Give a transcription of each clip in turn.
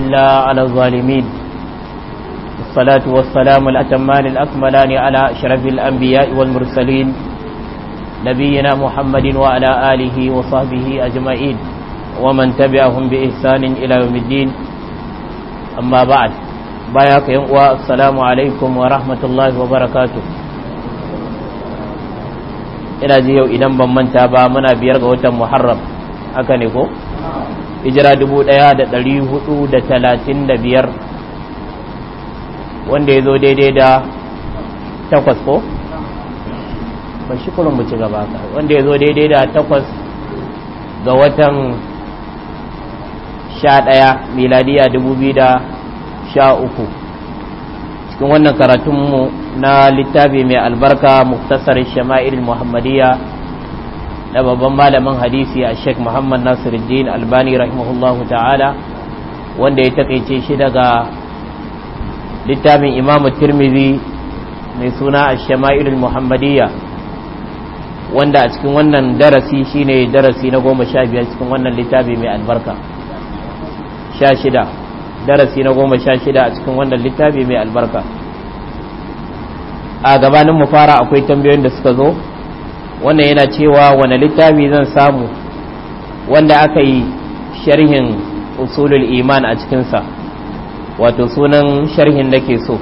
إلا على الظالمين الصلاة والسلام الأتمان الأكملان على أشرف الأنبياء والمرسلين نبينا محمد وعلى آله وصحبه أجمعين ومن تبعهم بإحسان إلى يوم الدين أما بعد باياك ينقوى السلام عليكم ورحمة الله وبركاته ina ji yau idan ban manta ba muna biyar ga watan muharram haka ne ko hijira biyar wanda ya zo daidai da takwas ko? ba shi kurin mu ci gaba ka wanda ya zo daidai da takwas ga watan sha ɗaya miladiya dubu biyu da sha uku cikin wannan karatunmu na littafi mai albarka muktasar shama'il muhammadiyya na babban malamin hadisi a sheik muhammad nasiruddin albani rahimahullahu ta'ala wanda ya takaice shi daga littafin imamu tirmidhi mai suna a shama'ilul muhammadiyya wanda a cikin wannan darasi shine darasi na goma sha biyar cikin wannan littafi mai albarka sha shida darasi na goma sha shida a cikin wannan littafi mai albarka a gabanin mu fara akwai tambayoyin da suka zo wannan yana cewa wani littafi zan samu wanda aka yi sharhin usulul iman a cikinsa wato sunan sharhin da ke so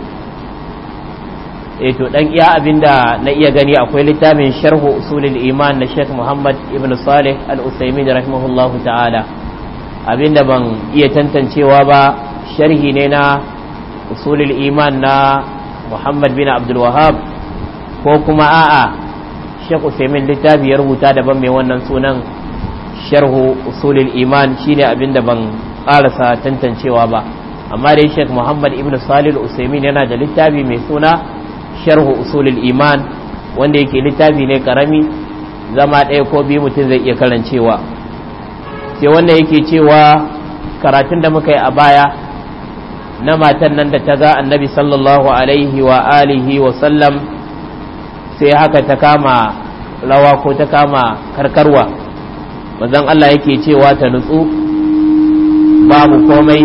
e to ɗan iya abinda na iya gani akwai littafin sharhu usulul iman na Sheikh Muhammad Ibn Salih Al-Utsaimin rahimahullahu ta'ala abinda ban iya tantancewa ba sharhi ne na usulul iman na Muhammad bin abdulwahab ko kuma a'a Sheikh Usaimin littafi ya rubuta daban mai wannan sunan sharhu usulul iman shine abin da ban karasa tantancewa ba amma dai Sheikh Muhammad Ibn salil Usaimin yana da littafi mai suna sharhu usulul iman wanda yake littafi ne karami zama ɗaya ko biyu mutum zai iya karancewa sai wanda yake cewa karatun da muka yi a baya na matan nan da ta ga annabi sallallahu alaihi wa alihi wa sallam sai haka ta kama rawa ko ta kama karkarwa wanzan Allah yake cewa ta nutsu babu komai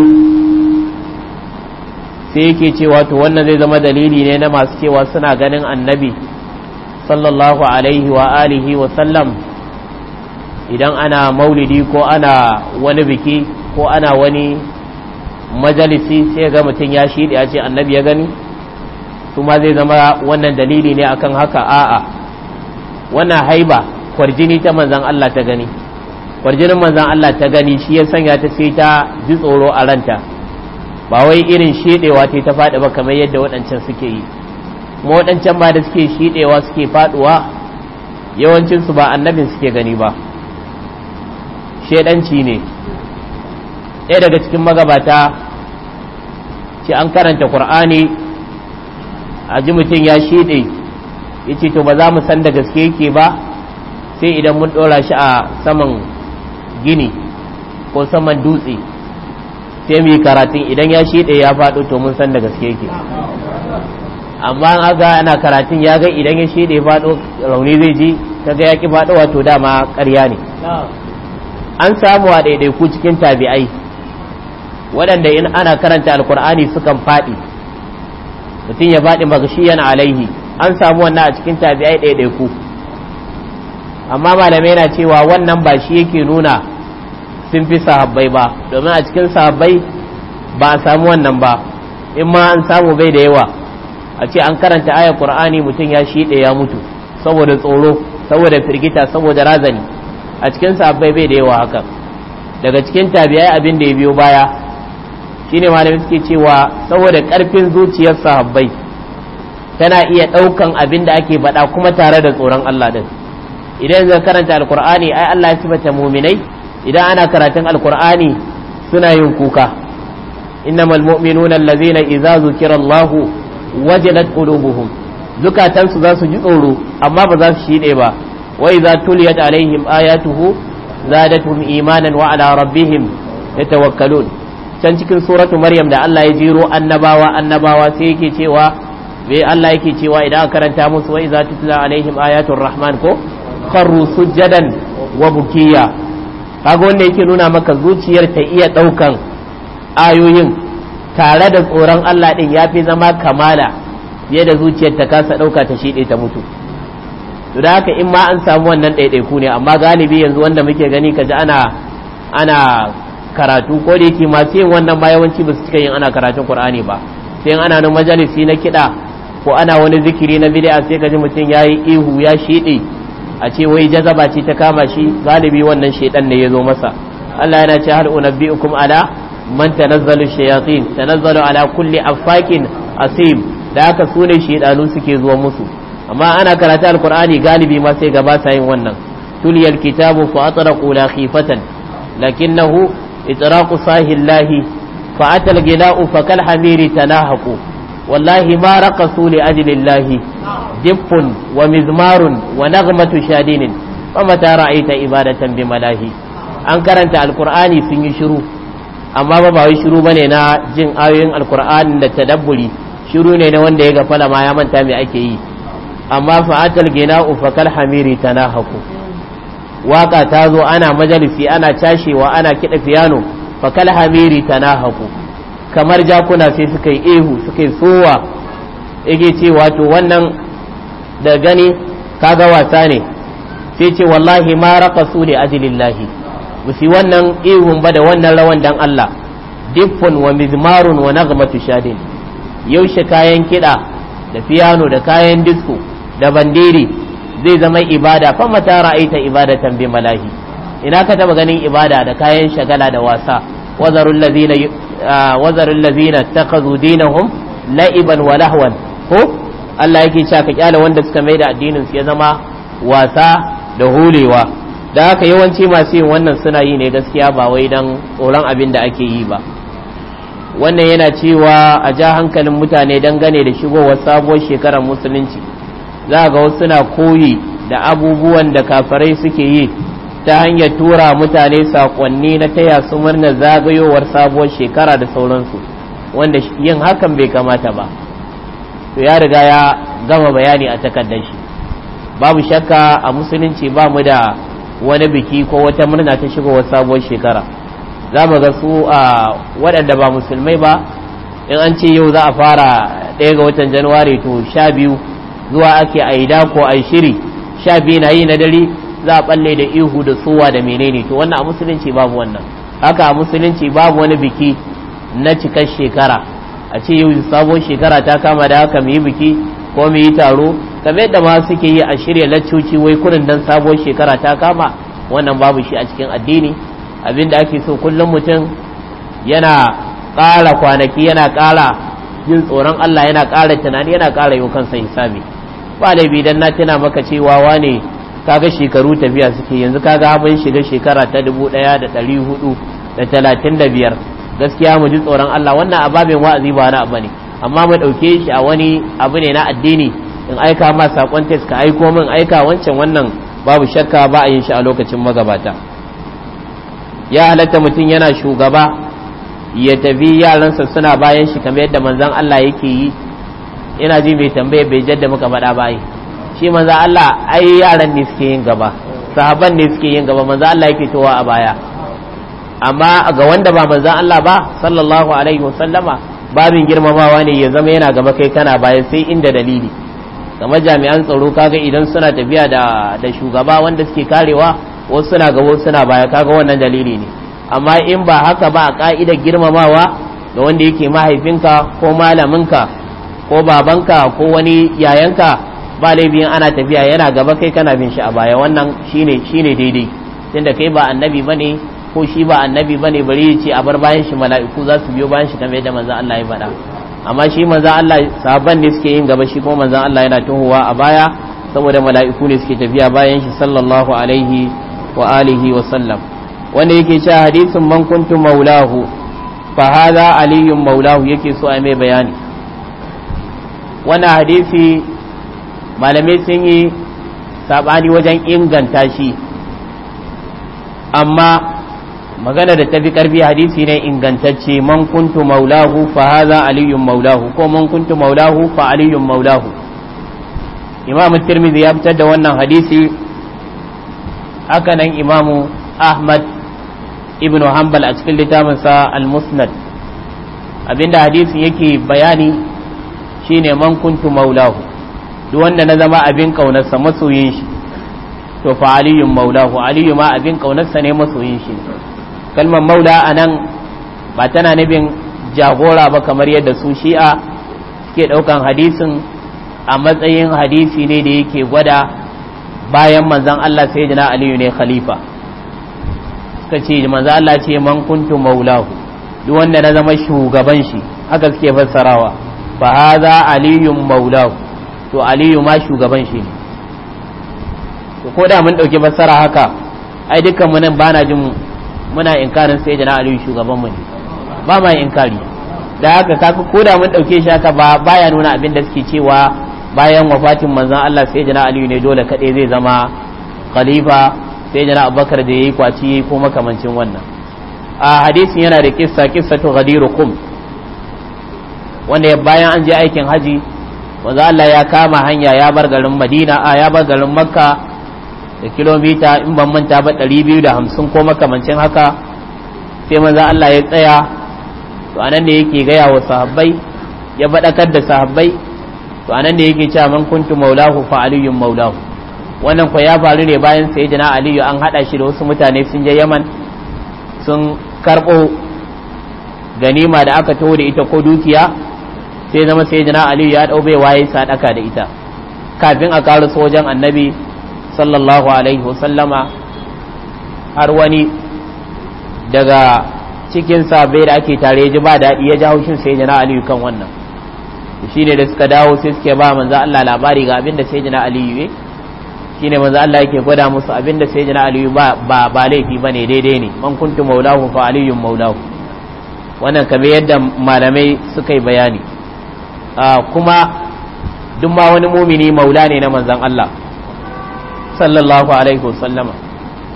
sai yake cewa to wannan zai zama dalili ne na masu cewa suna ganin annabi sallallahu alaihi wa alihi wa sallam idan ana maulidi ko ana wani biki ko ana wani majalisi sai ga mutum ya shiɗi a ce annabi ya gani su ma zai zama wannan dalili ne akan haka a'a wannan haiba kwarjini ta manzan Allah ta gani kwarjinin manzan Allah ta gani shi ya sanya ta sai ta ji tsoro a ranta ba wai irin shedewa ta ta faɗi ba kamar yadda waɗancan suke yi kuma waɗancan ba da suke shedewa suke faɗuwa yawancinsu ba annabin suke gani ba shedanci ne ɗaya daga cikin magabata ce an karanta Kur'ani. a ji mutum ya shiɗe ya ce to ba za mu san da gaske yake ba sai idan mun ɗora shi a saman gini ko saman dutse sai mu yi karatun idan ya shiɗe ya faɗo to mun san da gaske yake amma an aga ana karatun ya ga idan ya shiɗe faɗo rauni zai ji kaga ya ƙi faɗo wato dama ƙarya ne an samu a ɗaiɗaiku cikin tabi'ai waɗanda in ana karanta alkur'ani sukan faɗi mutum ya faɗi yana alaihi an samu wannan a cikin tabi'ai ɗaya ku amma malamai na cewa wannan ba shi yake nuna sun fi sahabbai ba domin a cikin sahabbai ba a samu wannan ba in ma an samu bai da yawa a ce an karanta ayar qur'ani mutum ya shiɗe ya mutu saboda tsoro saboda firgita saboda razani a cikin sahabbai bai da yawa haka daga cikin tabi'ai abin da ya biyo baya shine malamin suke cewa saboda karfin zuciyar sahabbai tana iya daukan abin da ake bada kuma tare da tsoron Allah din idan zan karanta alqur'ani ai Allah ya sifata mu'minai idan ana karatun alqur'ani suna yin kuka innamal mu'minuna allazina idza zukira Allahu wajalat qulubuhum zukatansu za su ji tsoro amma ba za su shide ba wa idza tuliyat alaihim ayatuhu zadatuhum imanan wa ala rabbihim yatawakkalun can cikin suratu maryam da Allah ya jiro annabawa annabawa sai yake cewa me Allah yake cewa idan aka karanta musu wa iza tutla alaihim ayatul rahman ko kharru sujadan wa bukiya kaga wanda yake nuna maka zuciyar ta iya daukan ayoyin tare da tsoron Allah din fi zama kamala fiye da zuciyar ta kasa dauka ta shide ta mutu to da haka in ma an samu wannan ɗaiɗaiku ne amma galibi yanzu wanda muke gani kaji ana ana karatu ko da yake masu yin wannan ba yawanci ba su cika yin ana karatun qur'ani ba sai ana nan majalisi na kiɗa ko ana wani zikiri na bid'a sai ka ji mutum ya yi ihu ya shiɗe a ce wai jazaba ce ta kama shi galibi wannan shaidan ne ya zo masa Allah yana ce hal unabbiukum ala man tanazzalu shayatin tanazzalu ala kulli afakin asim da haka sune ne shaidanu suke zuwa musu amma ana karatu alqur'ani galibi ma sai gaba sa yin wannan tuliyal kitabu fa atraqu la khifatan lakinnahu إطراق صاهي الله فأتى الغناء فكالحمير تناهق والله ما رقصوا لأجل الله دف ومزمار ونغمة شادين فمتى رأيت إبادة بملاهي an karanta alkur'ani sun yi shiru amma ba ba yi shiru bane na jin ayoyin alkur'ani da tadabburi shiru ne na wanda ya ga ma ya manta me ake yi amma fa'atal gina'u fakal hamiri haku. waka ta zo ana majalisi ana cashewa ana kiɗa fiyano fakal hamiri ta haku kamar jakuna sai suka yi ihu suka yi sowa yake ce wato wannan da gani kaga wasa ne sai ce wallahi ma raka su ne ajilillahi musi wannan ihun ba da wannan rawan dan Allah diffun wa mizmarun wa nagmatu shadin yaushe kayan kiɗa da fiyano da kayan disko da bandiri zai zama ibada fa mata ra'aita ibadatan bi malahi ina ka taba ganin ibada da kayan shagala da wasa wazarul ladina wazarul ladina takazu dinahum la'iban wa lahwan ko Allah yake cewa ka kyale wanda suka maida addinin su ya zama wasa da hulewa da haka yawanci masu yin wannan suna yi ne gaskiya ba wai dan tsoron abin da ake yi ba wannan yana cewa a ja hankalin mutane dangane da shigowar sabuwar shekarar musulunci za ga wasu na koyi da abubuwan da kafarai suke yi ta hanyar tura mutane sakonni na taya su murna zagayowar sabuwar shekara da sauransu wanda yin hakan bai kamata ba to ya riga ya gama bayani a takardar shi babu shakka a musulunci ba mu da wani biki ko wata murna ta shigowar sabuwar shekara za mu ga su a waɗanda ba musulmai ba in an ce yau za a fara ɗaya ga watan januwari to sha biyu zuwa ake a ko a shiri sha biyu na yi na dare za a balle da ihu da suwa da menene to wannan a musulunci babu wannan haka a musulunci babu wani biki na cikar shekara a ce yau sabon shekara ta kama da haka mu yi biki ko mu yi taro kamar yadda ma suke yi a shirya laccoci wai kurin dan sabon shekara ta kama wannan babu shi a cikin addini abinda ake so kullum mutum yana ƙara kwanaki yana ƙara jin tsoron Allah yana ƙara tunani yana ƙara yau kansa hisabi kwalabi dan na tuna maka cewa wane kaga shekaru tafiya suke yanzu kaga abin shiga shekara ta dubu da da da hudu talatin ɗaya biyar gaskiya mu ji tsoron Allah wannan ababen wa'azi ba na abu ne amma mu ɗauke shi a wani abu ne na addini in aika ma sakon tes ka aiko min aika wancan wannan babu shakka ba a yin shi a lokacin magabata ya halatta mutum yana shugaba ya tafi yaransa suna bayan shi kamar yadda manzon Allah yake yi ina ji mai tambaya bai jadda muka faɗa ba yi shi manzo Allah ai yaran ne suke yin gaba sahaban ne suke yin gaba manzo Allah yake towa a baya amma ga wanda ba manzo Allah ba sallallahu alaihi wasallama babin girmamawa ne ya zama yana gaba kai kana baya sai inda dalili kamar jami'an tsaro kaga idan suna tafiya da da shugaba wanda suke karewa wasu suna gaba suna baya kaga wannan dalili ne amma in ba haka ba a ka'idar girmamawa ga wanda yake mahaifinka ko malaminka ko babanka ko wani yayanka ba laifin ana tafiya yana gaba kai kana bin shi a baya wannan shine shine daidai tunda kai ba annabi bane ko shi ba annabi bane bari ya ce a bar bayan shi mala'iku za su biyo bayan shi kamar yadda manzon Allah ya faɗa amma shi manzon Allah sahabban ne suke yin gaba shi kuma manzon Allah yana tohuwa a baya saboda mala'iku ne suke tafiya bayan shi sallallahu alaihi wa alihi wa sallam wanda yake cewa hadisin man kuntum maulahu fa hadha aliyyun maulahu yake so a mai bayani Wani hadisi malamai sun yi sabani wajen inganta shi amma magana da tafi karfi hadisi ne ingantacce man kuntu maulahu fa haza aliyun maulahu ko man kuntu maulahu fa aliyun maulahu imamu tirmidhi ya fitar da wannan hadisi haka nan imamu ahmad ibnu hanbal a cikin littafinsa al-musnad abinda hadisin yake bayani shine man kuntu maulahu duk wanda na zama abin kaunarsa masoyin shi to fa aliyun maulahu aliyu ma abin kaunarsa ne masoyin shi kalmar maula a nan ba tana nufin jagora ba kamar yadda su shi'a suke ɗaukan hadisin a matsayin hadisi ne da yake gwada bayan manzan Allah jina aliyu ne khalifa suka ce manzan Allah ce man kuntu maulahu duk wanda na zama shugaban shi haka suke fassarawa fa hadha aliyun maulahu to aliyu ma shugaban shi ne to ko da mun dauki fassara haka ai dukkan mu nan bana jin muna inkarin sai da aliyu shugaban mu ne ba ma inkari da haka ka ko da mun dauke shi haka ba baya nuna abin da suke cewa bayan wafatin manzon Allah sai da aliyu ne dole kade zai zama khalifa sai da abubakar da yayi kwaci ko makamancin wannan a hadisin yana da kissa kissatu ghadirukum wanda ya bayan an je aikin haji wanzu Allah ya kama hanya ya bar garin Madina a ya bar garin Makka da kilomita in ban manta ba da 250 ko makamancin haka sai manzo Allah ya tsaya to anan ne yake gaya wa sahabbai ya badakar da sahabbai to anan ne yake cewa man kuntu maulahu fa aliyyun maulahu wannan ko ya faru ne bayan sayyidina aliyu an hada shi da wasu mutane sun je yaman sun karɓo ganima da aka taho da ita ko dukiya sai zama sai jina ali ya dau bai waye sadaka da ita kafin a karu sojan annabi sallallahu alaihi wasallama har wani daga cikin sabai da ake tare ji ba daɗi ya ji haushin sai jina aliyu kan wannan shi ne da suka dawo sai suke ba manzo Allah labari ga abinda sai jina aliyu ne shi ne manzo Allah yake gwada musu abinda sai jina aliyu ba ba laifi ba ne daidai ne man kuntu maulahu fa aliyun maulahu wannan kamar yadda malamai suka yi bayani Ah, kuma duk ma wani mumini maula ne na manzan Allah sallallahu alaihi wasallama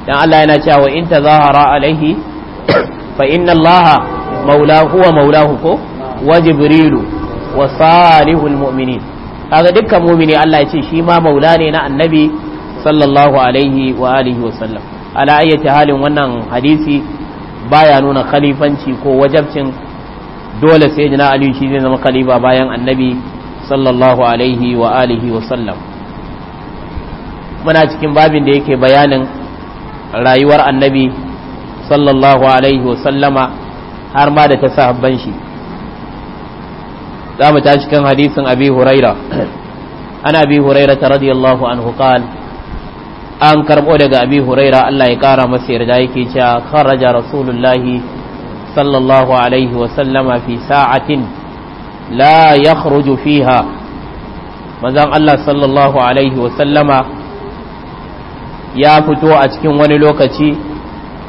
dan Allah yana cewa in tazahara alaihi fa inna Allah maulahu wa maulahu ko wa jibrilu wa salihul mu'minin kaga dukkan mumini Allah ya ce shi ma maula ne na annabi sallallahu alaihi wa alihi wasallam ala ayyati halin wannan hadisi baya nuna khalifanci ko wajabcin dole sai jina aliyu shi zai zama kaliba bayan annabi sallallahu alaihi wa alihi wa sallam muna cikin babin da yake bayanin rayuwar annabi sallallahu alaihi wa sallama har ma da ta sahabban shi za mu tashi kan hadisin abi huraira ana abi huraira ta radiyallahu an hukal an karbo daga abi huraira Allah ya kara masa yarda yake cewa kharaja rasulullahi صلى الله عليه وسلم في ساعة لا يخرج فيها manzan Allah sallallahu Alaihi wasallama ya fito a cikin wani lokaci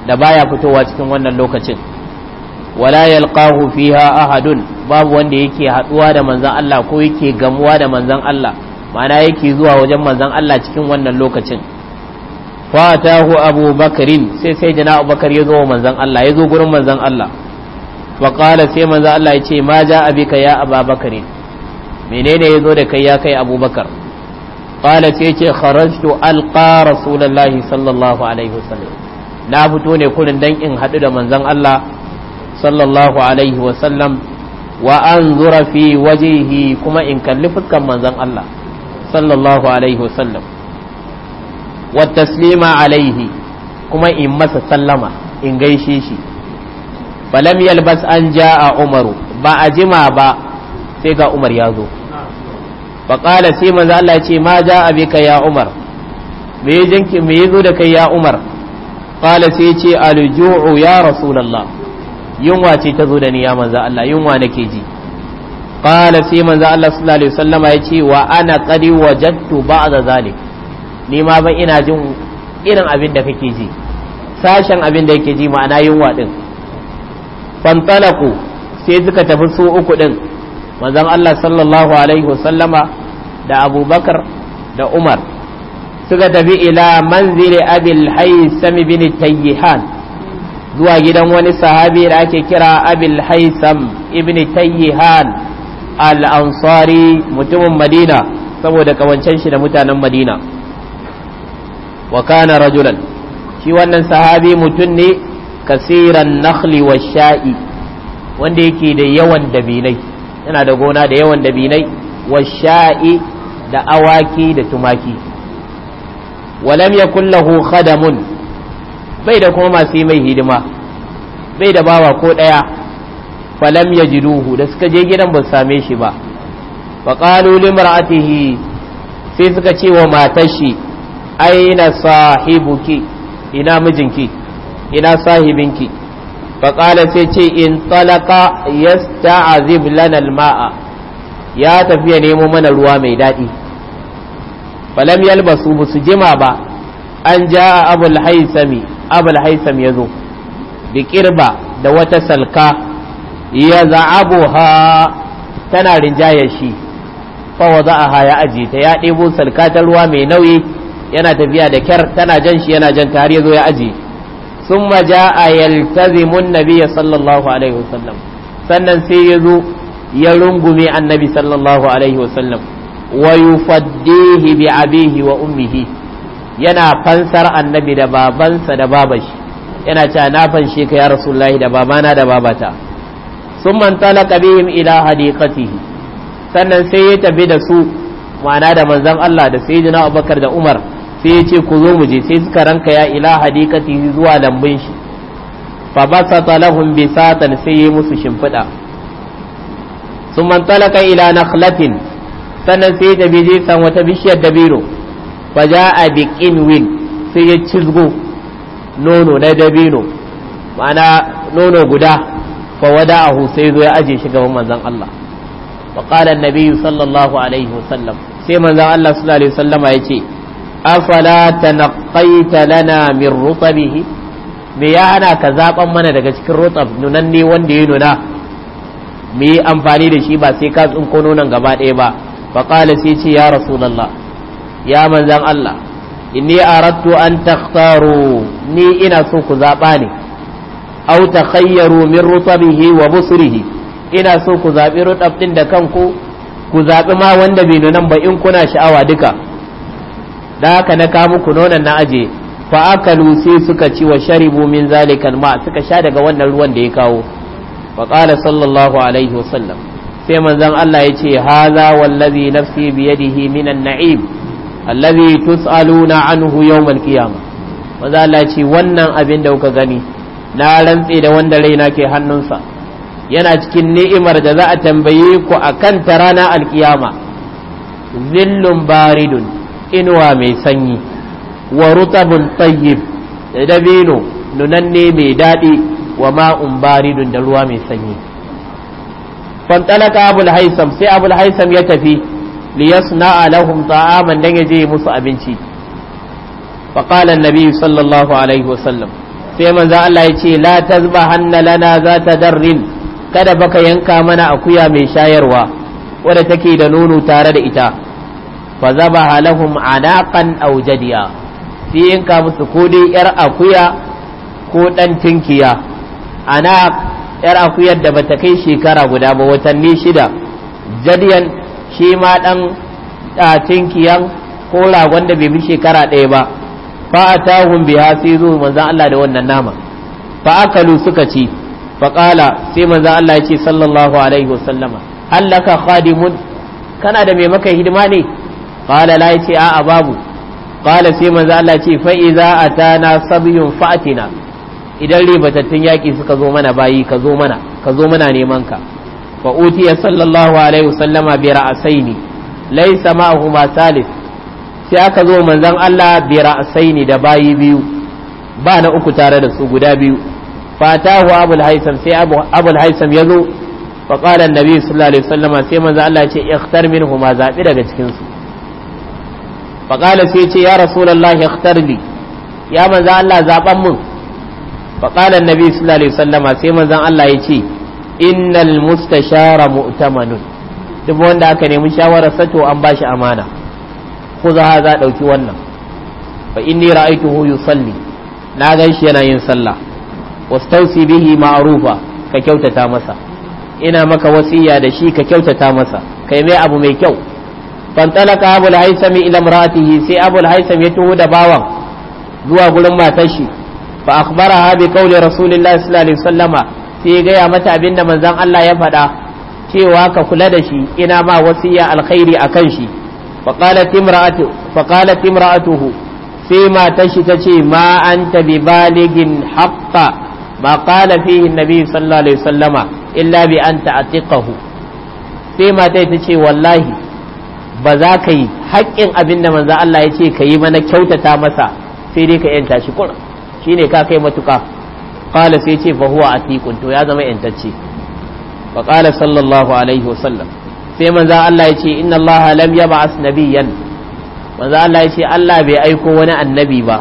da baya fitowa cikin wannan lokacin wala yalqahu fiha ahadun babu wanda yake haɗuwa da manzan Allah ko yake gamuwa da manzan Allah ma'ana yake zuwa wajen manzan Allah cikin wannan lokacin fatahu abu sai sai jana bakar ya zo wa manzan Allah ya zo gurin manzan Allah faƙala sai manzo Allah ya ce ma ja abika ya ababakar menene ya zo da kai ya kai abubakar qala sai ce kharajtu alqa rasulullahi sallallahu alaihi wasallam na fito ne kurin dan in hadu da manzon Allah sallallahu alaihi wasallam wa anzura fi wajihi kuma in kalli fuskan manzon Allah sallallahu alaihi wasallam wa taslima alaihi kuma in masa sallama in gaishe shi falam yalbas an ja a umaru ba a jima ba sai ga umar ya zo ba kala sai manzo Allah ya ce ma ja'a bika ya umar me yi jinki me yazo da kai ya umar kala sai ce alju'u ya rasulullah yunwa ce ta zo da ni ya manzo Allah yunwa nake ji kala sai manzo Allah sallallahu alaihi wasallama ya ce wa ana qad wajadtu ba'da zalik ni ma ban ina jin irin abin da kake ji sashen abin da yake ji ma'ana yunwa din fantalaku sai suka tafi su uku din manzon Allah sallallahu alaihi wasallama da abubakar da umar suka tafi ila manzili abil haisam bin tayyihan zuwa gidan wani sahabi da ake kira abil haisam ibn tayyihan al-ansari mutumin madina saboda kawancen shi da mutanen madina wa kana rajulan shi wannan sahabi mutum ne kasiran nakhli wa sha'i wanda yake da yawan dabinai yana da gona da yawan dabinai wa sha'i da awaki da tumaki walam yakul lahu khadamun bai da kuma masu mai hidima bai da bawa ko daya falam yajiduhu da suka je gidan ba same shi ba fa qalu limra'atihi sai suka ce wa matar shi aina sahibuki ina mijinki ina sahibinki faƙala sai ce in talaka ya sta'azib lana ma'a ya tafi ya nemo mana ruwa mai daɗi falam yalbasu ba su jima ba an ja abul haisami abul haisam ya zo da da wata salka ya za'abuha tana rinjayar shi fa wada'aha ya aje ta ya ɗebo salka ta ruwa mai nauyi yana tafiya da kyar tana jan shi yana jan tare yazo ya ajiye Sun جاء يلتزم النبي صلى الله عليه sannan sai ya zo ya rungume annabi sallallahu alaihi wasallam wa yufaddihi bi abihi wa ummihi yana fansar annabi da babansa da babashi yana cewa na fanshe ka ya rasulullahi da babana da babata sun mantala bihim ila hadiqatihi sannan sai ya tafi da su ma'ana da manzon Allah da sayyidina Abubakar da Umar sai ya ce ku zo mu je sai suka ranka ya ila hadikati zuwa lambun shi fa basata lahum satan sai ya musu shimfiɗa sun talaka ila nakhlatin sannan sai ya tafi je san wata bishiyar dabiro fa a bi wil sai ya cizgo nono na dabino ma'ana nono guda fa wada'ahu sai zo ya aje shi gaban manzon Allah sallallahu alaihi sai Allah yace afala tanaqaita lana min rutabihi me ya ana ka zaban mana daga cikin rutab nunanne wanda ya nuna mu yi amfani da shi ba sai ka tsinko nonon gabaɗaya ba fa sai ce ya rasulullah ya manzan Allah inni aradtu an takhtaru ni ina so ku zaba ne aw takhayyaru min rutabihi wa busrihi ina so ku zaɓi rutab din da kanku ku zaɓi ma wanda bai nunan ba in kuna sha'awa duka da haka na ka muku nonon na aje fa akalu suka ci wa sharibu min zalikal ma suka sha daga wannan ruwan da ya kawo fa qala sallallahu alaihi wasallam sai manzon Allah ya ce hadha wallazi nafsi bi yadihi minan na'im allazi tus'aluna anhu yawmal qiyamah manzon Allah ya ce wannan abin da kuka gani na rantse da wanda raina ke hannunsa yana cikin ni'imar da za a tambaye ku akan ta rana alkiyama zillun baridun inuwa mai sanyi wa rutabun tayyib da dabino nunanne mai daɗi wa ma'un baridun da ruwa mai sanyi fantalaka abul haisam sai abul haisam ya tafi liyasna lahum ta'aman dan yaje musu abinci فقال النبي sallallahu الله عليه sai manzo Allah ya ce la tazbahanna lana za ta darrin kada baka yanka mana akuya mai shayarwa wadda take da nono tare da ita fa zaba halahum anaqan aw jadiya sai ka musu ko dai yar akuya ko dan tinkiya ana yar akuyar da bata kai shekara guda ba watanni shida jadiyan shi ma dan tinkiyan ko ragon da bai bi shekara ɗaya ba fa atahum biha sai manzo Allah da wannan nama fa akalu suka ci fa qala sai manzo Allah ya ce sallallahu alaihi wasallama hallaka khadimun kana da mai maka hidima ne qala la yace a a babu qala sai manzo Allah ce fa iza atana sabiyun fa'tina idan ribatattun yaƙi suka zo mana bayi ka zo mana ka zo mana neman ka fa utiya sallallahu alaihi wasallama bi ra'saini laysa ma'ahuma salis sai aka zo manzon Allah bi ra'saini da bayi biyu ba na uku tare da su guda biyu fatahu abul haisam sai abul haisam ya zo faƙalar nabi sallallahu alaihi wasallama sai manzo Allah ce ikhtar minhu ma zaɓi daga cikinsu faƙala sai ce ya rasulullahi ikhtar li ya manzo Allah zaban mun faƙala annabi sallallahu alaihi wasallama sai manzan Allah ya ce innal mustashara mu'tamanun duk wanda aka nemi shawarar sato an bashi amana ko za za dauki wannan fa inni ra'aytuhu yusalli na ga shi yana yin sallah wastausi bihi ma'rufa ka kyautata masa ina maka wasiya da shi ka kyautata masa kai mai abu mai kyau fantalaka abul haisam ila imratihi sai abul haisam ya tuhu da bawan zuwa gurin matar shi fa akhbaraha bi qawli rasulillahi sallallahu alaihi wasallama sai ya gaya mata abin da manzon Allah ya faɗa cewa ka kula da shi ina ma wasiya alkhairi akan shi fa qalat imra'atu fa qalat imra'atuhu sai matar shi tace ma anta bi baligin haqqa ما قال فيه النبي صلى الله عليه وسلم إلا بأن تعتقه sai mata ta ce wallahi ba za ka yi haƙƙin abin da manzo Allah ya ce ka yi mana kyautata masa sai dai ka yanta shi kur shine ka kai matuƙa qala sai ce fa huwa atiqun to ya zama yantacce fa qala sallallahu alaihi wasallam sai manzo Allah ya ce inna Allah lam yab'as nabiyyan manzo Allah ya ce Allah bai aiko wani annabi ba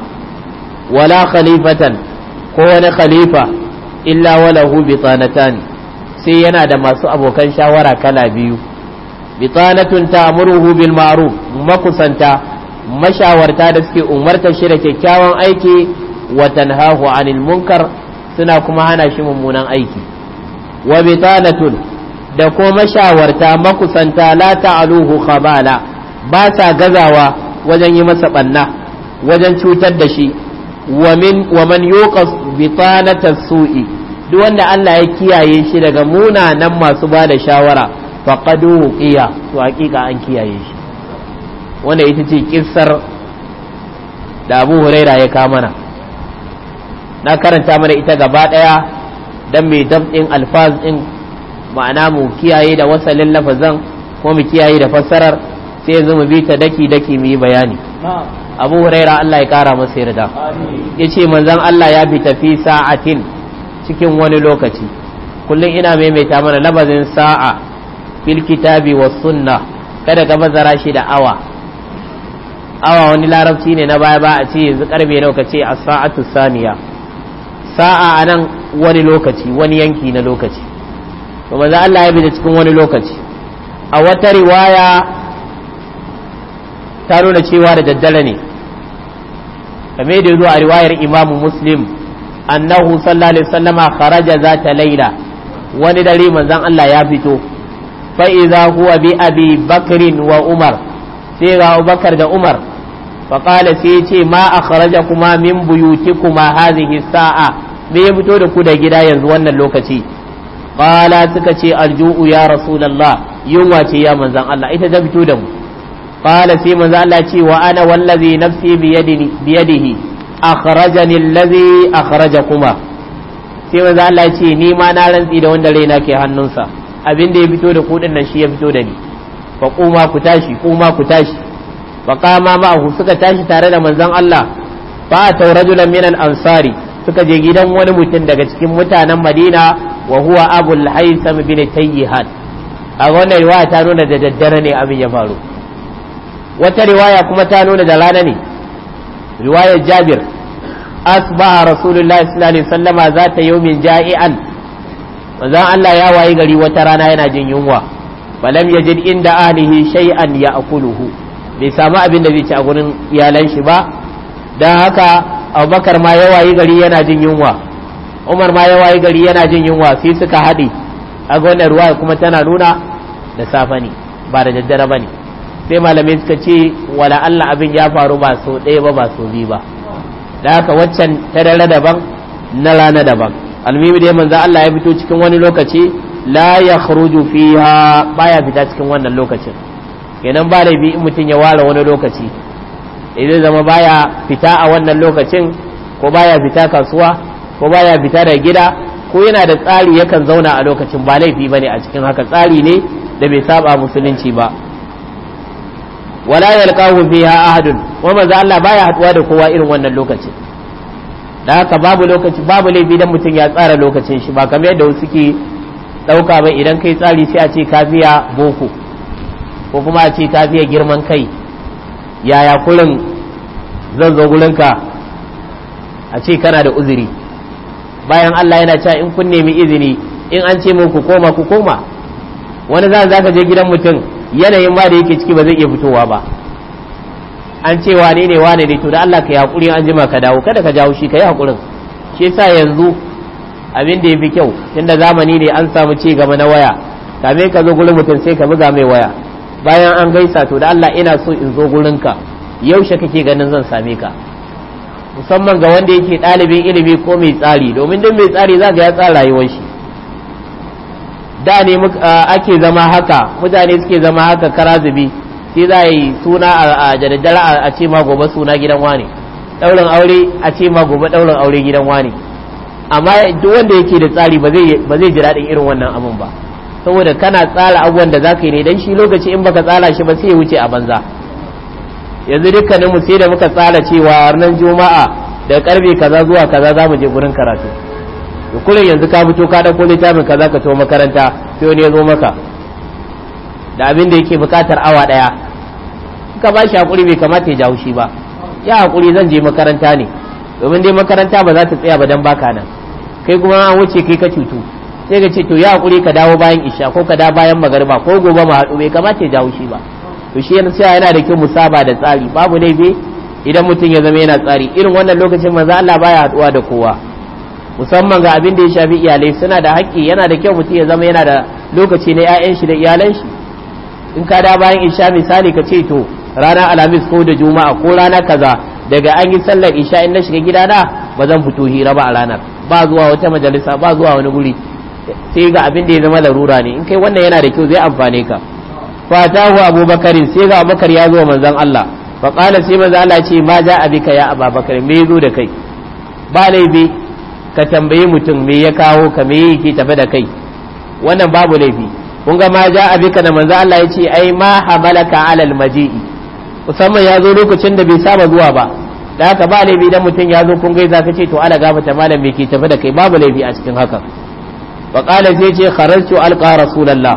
wala khalifatan ko wani khalifa illa walahu bitanatani sai yana da masu abokan shawara kala biyu bitanatun ta'muruhu bil ma'ruf makusanta mashawarta da suke umartar shi da kyakkyawan aiki wa tanhahu anil munkar suna kuma hana shi mummunan aiki wa bitanatun da ko mashawarta makusanta la ta'aluhu khabala ba sa gazawa wajen yi masa banna wajen cutar da shi wa man yuqas bitanata su'i duk wanda Allah ya kiyaye shi daga munanan masu ba da shawara faqad wuqiya to hakika an kiyaye shi wanda ita ce kissar da Abu Huraira ya ka mana na karanta mana ita gaba daya dan mai dabdin alfaz din ma'ana mu kiyaye da wasalin lafazan ko mu kiyaye da fassarar sai yanzu mu bi ta daki daki mu yi bayani abu huraira Allah ya kara masa yarda ya ce manzan Allah ya fita tafi sa'atin cikin wani lokaci kullum ina maimaita mana labazin sa'a bil kitabi was sunna kada ka bazara shi da awa awa wani larabci ne na baya ba a ce yanzu karbe nawa ce a sa'atu saniya sa'a anan wani lokaci wani yanki na lokaci to manzo Allah ya bude cikin wani lokaci a wata riwaya ta nuna cewa da daddala ne game da zuwa riwayar imamu muslim annahu sallallahu alaihi wasallama kharaja zata laila wani dare manzan Allah ya fito فإذا هو بأبي بكر وعمر سيغا أبو بكر دا عمر فقال سيتي ما أخرجكما من بيوتكما هذه الساعة me ya fito da ku da gida yanzu wannan lokaci qala suka ce alju'u ya rasulullah yunwa ce ya manzan Allah ita ta fito da mu qala sai manzan Allah ce wa ana wallazi nafsi bi yadihi akhrajani allazi akhrajakuma sai ni ma na rantsi da wanda raina ke hannunsa abin da ya fito da kudin nan shi ya fito da ni fa kuma ku tashi kuma ku tashi fa kama ma'ahu suka tashi tare da manzon Allah fa ta rajulan min ansari suka je gidan wani mutum daga cikin mutanen Madina wa huwa al Haytham bin Tayyihan a wannan riwaya ta nuna da daddare ne abin ya faru wata riwaya kuma ta nuna da lana ne riwayar Jabir asbaha rasulullahi sallallahu alaihi wasallama zata yawmin ja'ian manzon Allah ya wayi gari wata rana yana jin yunwa balam yajid inda ahlihi shay'an ya'kuluhu bai samu abin da zai ci a gurin iyalan shi ba dan haka Abubakar ma ya wayi gari yana jin yunwa Umar ma ya wayi gari yana jin yunwa sai suka haɗi. a wannan ruwa kuma tana nuna da safe ne ba da daddare ba ne sai malamai suka ce wala Allah abin ya faru ba so ɗaya ba ba so biyu ba da haka waccan ta dare daban na rana daban almimi da manzo Allah ya fito cikin wani lokaci la yakhruju fiha baya fita cikin wannan lokacin kenan ba laifi in mutum ya ware wani lokaci eh, idan zama baya fita a wannan lokacin ko baya fita kasuwa ko baya fita da gida ko yana da tsari yakan zauna a lokacin ba laifi bane a cikin haka tsari ne da bai saba musulunci ba wala yalqahu fiha ahadun wa manzo Allah baya haduwa da kowa irin wannan lokacin da haka babu lokaci babu laifi dan mutum ya tsara lokacin shi ba kamar yadda wasu ke dauka ba idan kai tsari sai a ce ka biya boko ko kuma a ce ka biya girman kai yaya kurin zan zo gurinka a ce kana da uzuri bayan Allah yana cewa in kun nemi izini in an ce muku koma ku koma wani za zaka je gidan mutum yanayin ba da yake ciki ba zai iya fitowa ba an ce wane ne wane ne to da Allah ka yi hakuri an jima ka dawo kada ka jawo shi ka yi hakurin shi yasa yanzu abin da yafi kyau tunda zamani ne an samu ci gaba na waya kame ka zo gurin mutum sai ka buga mai waya bayan an gaisa to da Allah ina so in zo gurin ka yaushe kake ganin zan same ka musamman ga wanda yake ɗalibin ilimi ko mai tsari domin duk mai tsari za ga ya tsara rayuwar shi da ne ake zama haka mutane suke zama haka karazubi shi za yi suna a jadaddara a ce ma gobe suna gidan wani ɗaurin aure a ce ma gobe ɗaurin aure gidan wani amma duk wanda yake da tsari ba zai ji daɗin irin wannan abin ba saboda kana tsara abubuwan da zaka yi ne dan shi lokaci in baka tsara shi ba sai ya wuce a banza yanzu dukkanin mu sai da muka tsara cewa ranar juma'a da karfe kaza zuwa kaza za mu je gurin karatu to kullum yanzu ka fito ka dauko littafin kaza ka to makaranta sai wani ya zo maka da abin da yake bukatar awa daya ka ba shi hakuri bai kamata ya jawo shi ba ya hakuri zan je makaranta ne domin dai makaranta ba za ta tsaya ba dan baka nan kai kuma an wuce kai ka cutu sai ka ce to ya hakuri ka dawo bayan isha ko ka da bayan magariba ko gobe mu haɗu bai kamata ya jawo shi ba to shi yana cewa yana da kyau mu saba da tsari babu laifi idan mutum ya zama yana tsari irin wannan lokacin maza Allah baya haɗuwa da kowa musamman ga abin da ya shafi iyalai suna da haƙƙi yana da kyau mutum ya zama yana da lokaci na 'ya'yan shi da iyalan shi in ka da bayan isha misali ka ce to rana alamis ko da juma'a ko rana kaza daga an yi sallar isha in na shiga gidana ba zan fito hira ba a ranar ba zuwa wata majalisa ba zuwa wani guri sai ga abin da ya zama larura ne in kai wannan yana da kyau zai amfane ka fatahu abubakar sai ga abubakar ya zo manzon Allah fa qala sai manzon Allah ce ma ja abika ya abubakar me zo da kai ba laifi ka tambayi mutum me ya kawo ka me yake tafe da kai wannan babu laifi kun ga ma ja abika da manzon Allah ya ce ai ma hamalaka alal maji'i musamman ya zo lokacin da bai saba zuwa ba da haka ba laifi idan mutum ya zo kun za ka ce to ala gafata malam me ke tafi da kai babu laifi a cikin haka wa qala sai ce kharajtu alqa rasulullah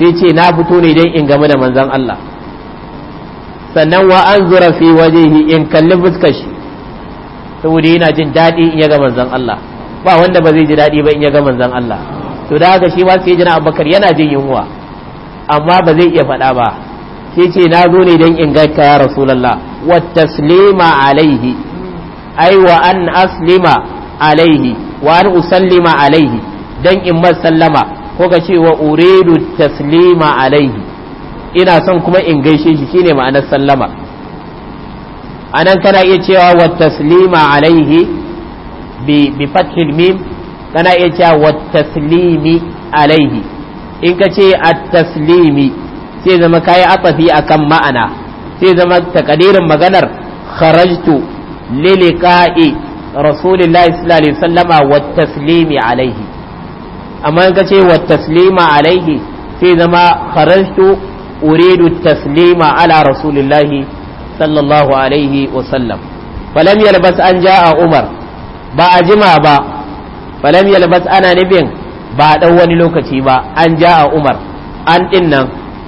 sai ce na fito ne dan in game da manzon Allah sannan wa anzura fi waje in kalli fuskar shi saboda yana jin daɗi in ya ga manzon Allah ba wanda ba zai ji daɗi ba in ya ga manzon Allah to da haka shi ma sai jina Abubakar yana jin yunwa amma ba zai iya faɗa ba yace na zo ne don in gaita ya rasulullah wa taslima alaihi ai wa an aslima alaihi wa an usallima alaihi dan in masallama ko ka ce uridu taslima alaihi ina son kuma in gaishe shi shine ma'anar sallama anan kana iya cewa wa taslima alaihi bi bi fathil mim kana iya cewa wa taslimi alaihi in ka ce at taslimi sai zama kayi atafi akan ma'ana sai zama takadirin maganar kharajtu liliqa'i rasulillahi sallallahu alaihi wasallama wa taslimi alaihi amma in ce wa taslima alaihi sai zama kharajtu uridu taslima ala rasulillahi sallallahu alaihi wasallam falam yalbas an ja'a umar ba a jima ba falam yalbas ana nufin ba a ɗau wani lokaci ba an ja a umar an ɗin nan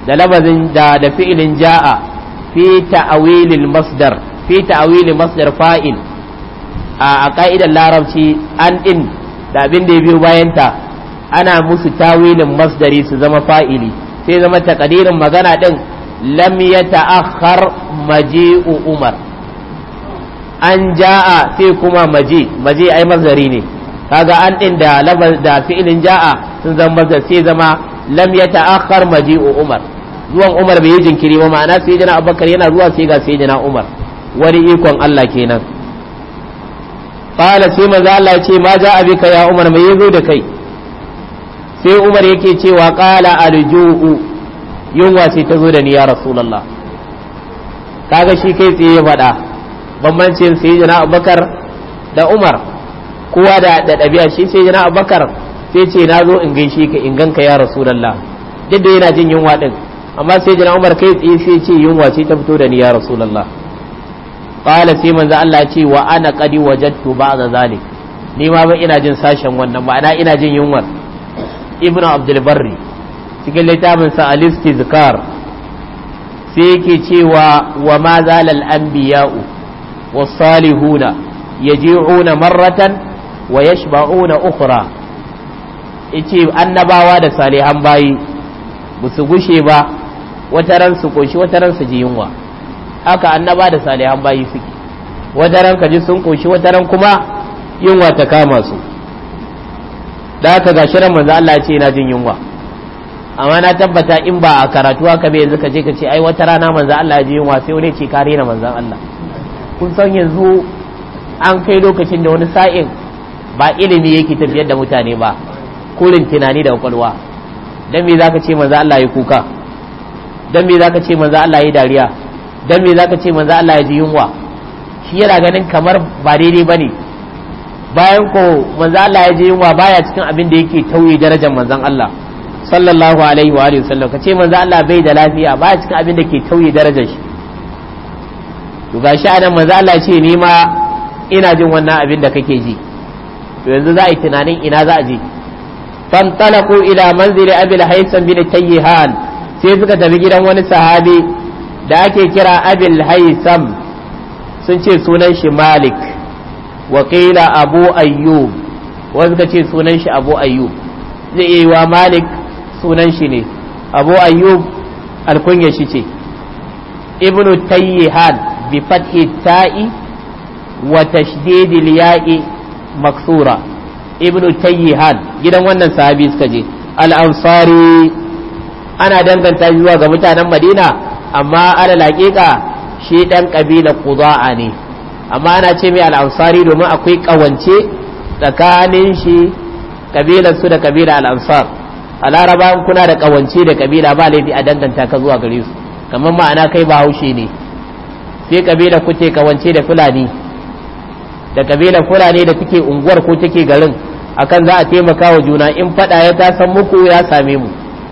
da labarin da da fi'ilin ja'a fi ta'awilil masdar fi ta'awilil masdar fa'il a ka'idar larabci an din da abin da ya biyo bayanta ana musu tawilin masdari su zama fa'ili sai zama takadirin magana din lam yata'akhkhar maji'u umar an ja'a sai kuma maji maji ai masdari ne kaga an din da da fi'ilin ja'a sun zama sai zama lam yata'akhkhar maji'u umar zuwan umar bai yi jinkiri ba ma'ana sai jina abubakar yana zuwa sai ga sai jina umar wani ikon allah kenan Fala sai maza allah ya ce ma za a bika ya umar mai yazo da kai sai umar yake cewa qala alju'u yunwa sai ta zo da ni ya rasulullah kaga shi kai tsaye ya faɗa bambancin sai jina abubakar da umar kowa da da ɗabi'a shi sai jina abubakar sai ce na zo in gaishe ka in ganka ya rasulullah duk da yana jin yunwa din amma sai jina umar kai tsaye sai ce yunwa ce ta fito da ni ya rasulullah qala sai manzo Allah ce wa ana qad wajadtu ba'da zalik ni ma ba ina jin sashen wannan ma'ana ina jin yunwar ibn abdul barri cikin littafin sa al-istizkar sai yake cewa wa ma zalal anbiya'u was-salihuna yaji'una marratan wa yashba'una ukhra yace annabawa da salihan bayi ba su gushe ba wata ran su koshi wata ran su ji yunwa haka annaba da salihan bayi suke wata ran ka ji sun koshi wata ran kuma yunwa ta kama su da haka ga shirin manzo Allah ya ce ina jin yunwa amma na tabbata in ba a karatu haka bai yanzu ka je ka ce ai wata rana manzo Allah ya ji yunwa sai wani ce ka rena manzo Allah kun san yanzu an kai lokacin da wani sa'in ba ilimi yake tafiyar da mutane ba kurin tunani da kwakwalwa dan me zaka ce manzo Allah ya kuka dan me zaka ce manzo Allah ya dariya dan me zaka ce manzo Allah ya ji yunwa shi yana ganin kamar ba daidai bane bayan ko manzo Allah ya ji yunwa baya cikin abin da yake tauye darajar manzon Allah sallallahu alaihi wa alihi wasallam kace manzo Allah bai da lafiya baya cikin abin da ke tauye darajar shi to gashi anan manzo Allah ce ni ma ina jin wannan abin da kake ji to yanzu za a yi tunanin ina za a je fantalaqu ila manzili abil haytham bin tayyihan sai suka tafi gidan wani sahabi da ake kira abil haisam sun ce sunan shi malik wakila abu ayyub wasu ka ce sunan shi abu ayyub zai iya wa malik sunan shi ne abu ayyub alkunya shi ce ibnu tayyihan bi fathi ta'i wa tashdidil ya'i maksura ibnu tayyihan gidan wannan sahabi suka je al-ansari ana danganta zuwa ga mutanen madina amma ala haƙiƙa shi ɗan ƙabilar kuza'a ne amma ana ce mai al'ansari domin akwai ƙawance tsakanin shi ƙabilar su da ƙabilar al'ansar a laraba kuna da ƙawance da ƙabila ba laifi a danganta ka zuwa gare su kamar ma'ana kai bahaushe ne sai ƙabilar ku ce ƙawance da fulani da ƙabilar fulani da take unguwar ko take garin akan za a taimaka wa juna in faɗa ya ta san muku ya same mu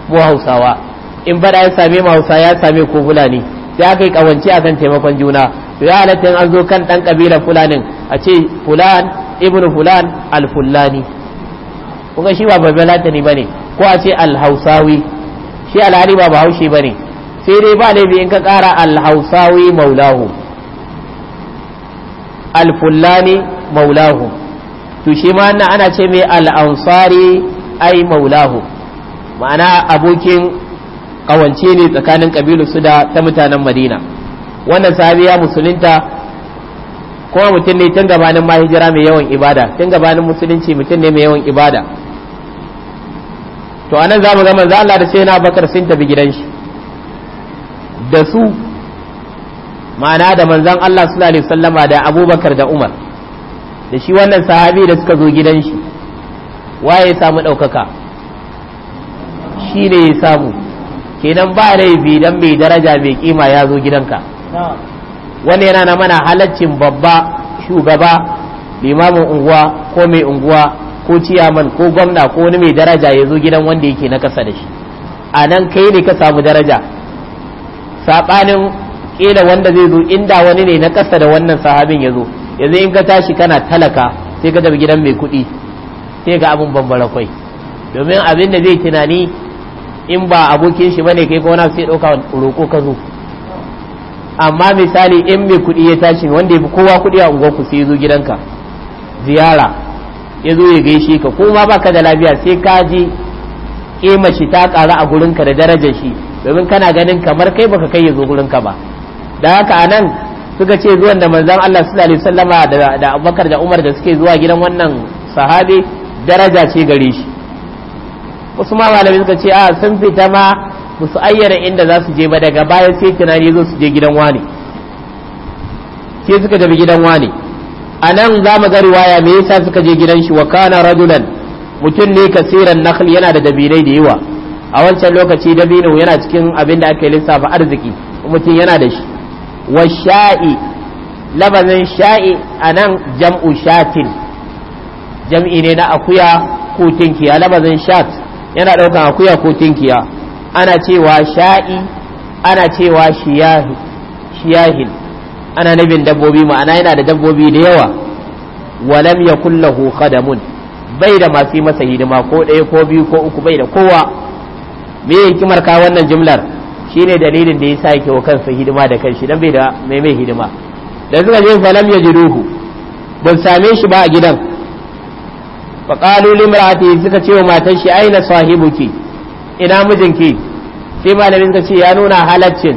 mu hausawa in bada ya same mu hausa ya same ko fulani sai aka yi kawance akan taimakon juna to ya halatta an zo kan dan kabilar fulanin a ce fulan ibn fulan al-fulani ga shi ba babban ne bane ko a ce al-hausawi shi alhari ba haushi bane sai dai ba laifi in ka kara al-hausawi maulahu al-fulani maulahu to shi ma ana ce mai al-ansari ai maulahu ma'ana abokin kawance ne tsakanin kabilu su da ta mutanen madina wannan sahabiya musulunta kuma mutum ne tun gabanin ma mai yawan ibada tun gabanin musulunci mutum ne mai yawan ibada to anan zamu zama za Allah da sai na bakar sun tafi gidan shi da su ma'ana da manzon Allah sallallahu alaihi wasallama da Abubakar da Umar da shi wannan sahabi da suka zo gidan shi waye samu ɗaukaka shi ne ya samu kenan ba laifi dan mai daraja mai kima ya zo gidanka wani yana na mana halaccin babba shugaba limamin unguwa ko mai unguwa ko ciyaman ko gwamna ko wani mai daraja ya zo gidan wanda yake na kasa da shi a nan kai ne ka samu daraja saɓanin ƙela wanda zai zo inda wani ne na kasa da wannan sahabin ya zo yanzu in ka tashi kana talaka sai ka tafi gidan mai kuɗi sai ga abin bambara kwai domin abin da zai tunani in ba abokin shi bane kai ko na sai ɗauka roƙo ka zo amma misali in mai kuɗi ya tashi wanda ya fi kowa kuɗi a unguwarku sai ya zo gidanka ziyara ya zo ya gaishe ka ko ma baka da lafiya sai ka ji kema shi ta ƙara a gurinka da darajar shi domin kana ganin kamar kai baka kai ya zo gurinka ba da haka anan suka ce zuwan da manzon Allah sallallahu alaihi wasallama da Abubakar da Umar da suke zuwa gidan wannan sahabi daraja ce gare shi wasu ma malamin suka ce a sun fita ma ba su ayyana inda za su je ba daga baya sai tunani zo su je gidan wani sai suka tafi gidan wani a nan za mu ga riwaya me yasa suka je gidan shi wa kana rajulan mutum ne kasiran nakhl yana da dabinai da yawa a wancan lokaci dabino yana cikin abin da aka lissafa arziki mutum yana da shi wa sha'i labanin sha'i a nan jam'u shatin jam'i ne na akuya kutinki a labanin shat yana ɗaukan akuya ko tinkiya ana cewa sha'i ana cewa shiyahin ana nabin dabbobi ma'ana yana da dabbobi da yawa walam ya kullahu khadamun bai da masu masa hidima ko ɗaya ko biyu ko uku bai da kowa me hikimar ka wannan jimlar shine dalilin da ya sa yake wa kansa hidima da kanshi dan bai da mai mai hidima da suka je falam ya jiruhu ban same shi ba a gidan fa qalu limra'ati suka ce wa matar shi aina sahibuki ina mijinki sai malamin ka ce ya nuna halaccin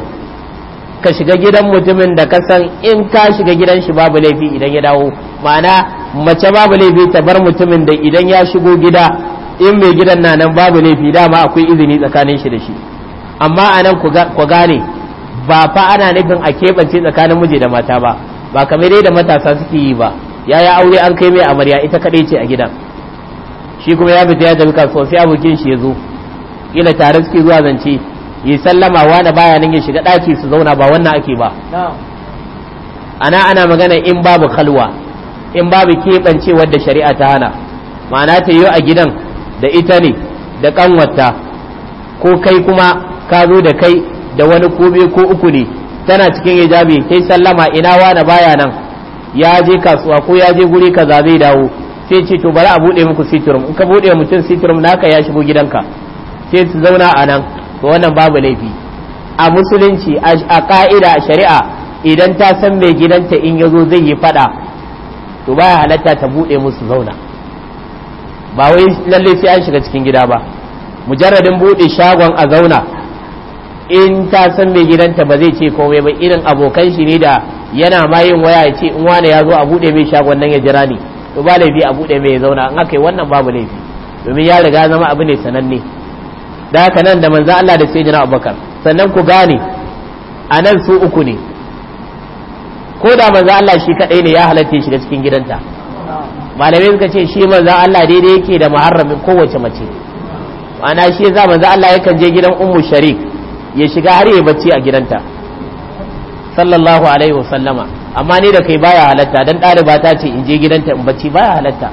ka shiga gidan mutumin da ka san in ka shiga gidan shi babu laifi idan ya dawo ma'ana mace babu laifi ta bar mutumin da idan ya shigo gida in mai gidan na nan babu laifi dama akwai izini tsakanin shi da shi amma a nan ku gane ba fa ana nufin a keɓance tsakanin miji da mata ba ba kamar dai da matasa suke yi ba yaya aure an kai mai amarya ita kaɗai ce a gidan shi kuma ya fita ya tafi kasuwa sai abokin shi ya zo ila tare suke zuwa zance yi sallama na baya nan ya shiga ɗaki su zauna ba wannan ake ba ana ana magana in babu kalwa in babu keɓance da shari'a ta hana ma'ana ta yi a gidan da ita ne da ƙanwarta ko kai kuma ka zo da kai da wani kobe ko uku ne tana cikin hijabi kai sallama ina na baya nan ya je kasuwa ko ya je guri ka zai dawo sai ce to bari a bude muku sitirum in ka bude mutum sitirum naka ya shigo gidanka sai su zauna a nan to wannan babu laifi a musulunci a ka'ida a shari'a idan ta san mai gidanta in ya zo zai yi fada to baya halatta ta bude musu zauna ba wai lalle sai an shiga cikin gida ba mujarradin bude shagon a zauna in ta san mai gidanta ba zai ce komai ba irin abokan shi ne da yana ma yin waya ya ce in wane ya zo a bude mai shagon nan ya jira ni to ba laifi a buɗe mai zauna an aka yi wannan babu laifi domin ya riga zama abu ne sananne da haka nan da manzo Allah da sai jira abubakar sannan ku gane a nan su uku ne ko da manzo Allah shi kadai ne ya halatta shi da cikin gidanta malamai suka ce shi manzo Allah daidai yake da muharramin kowace mace ana shi za manzo Allah yakan je gidan ummu sharik ya shiga har ya bacci a gidanta sallallahu alaihi wasallama amma ni da kai baya halatta dan ɗaliba ta ce in je gidanta in bacci baya halatta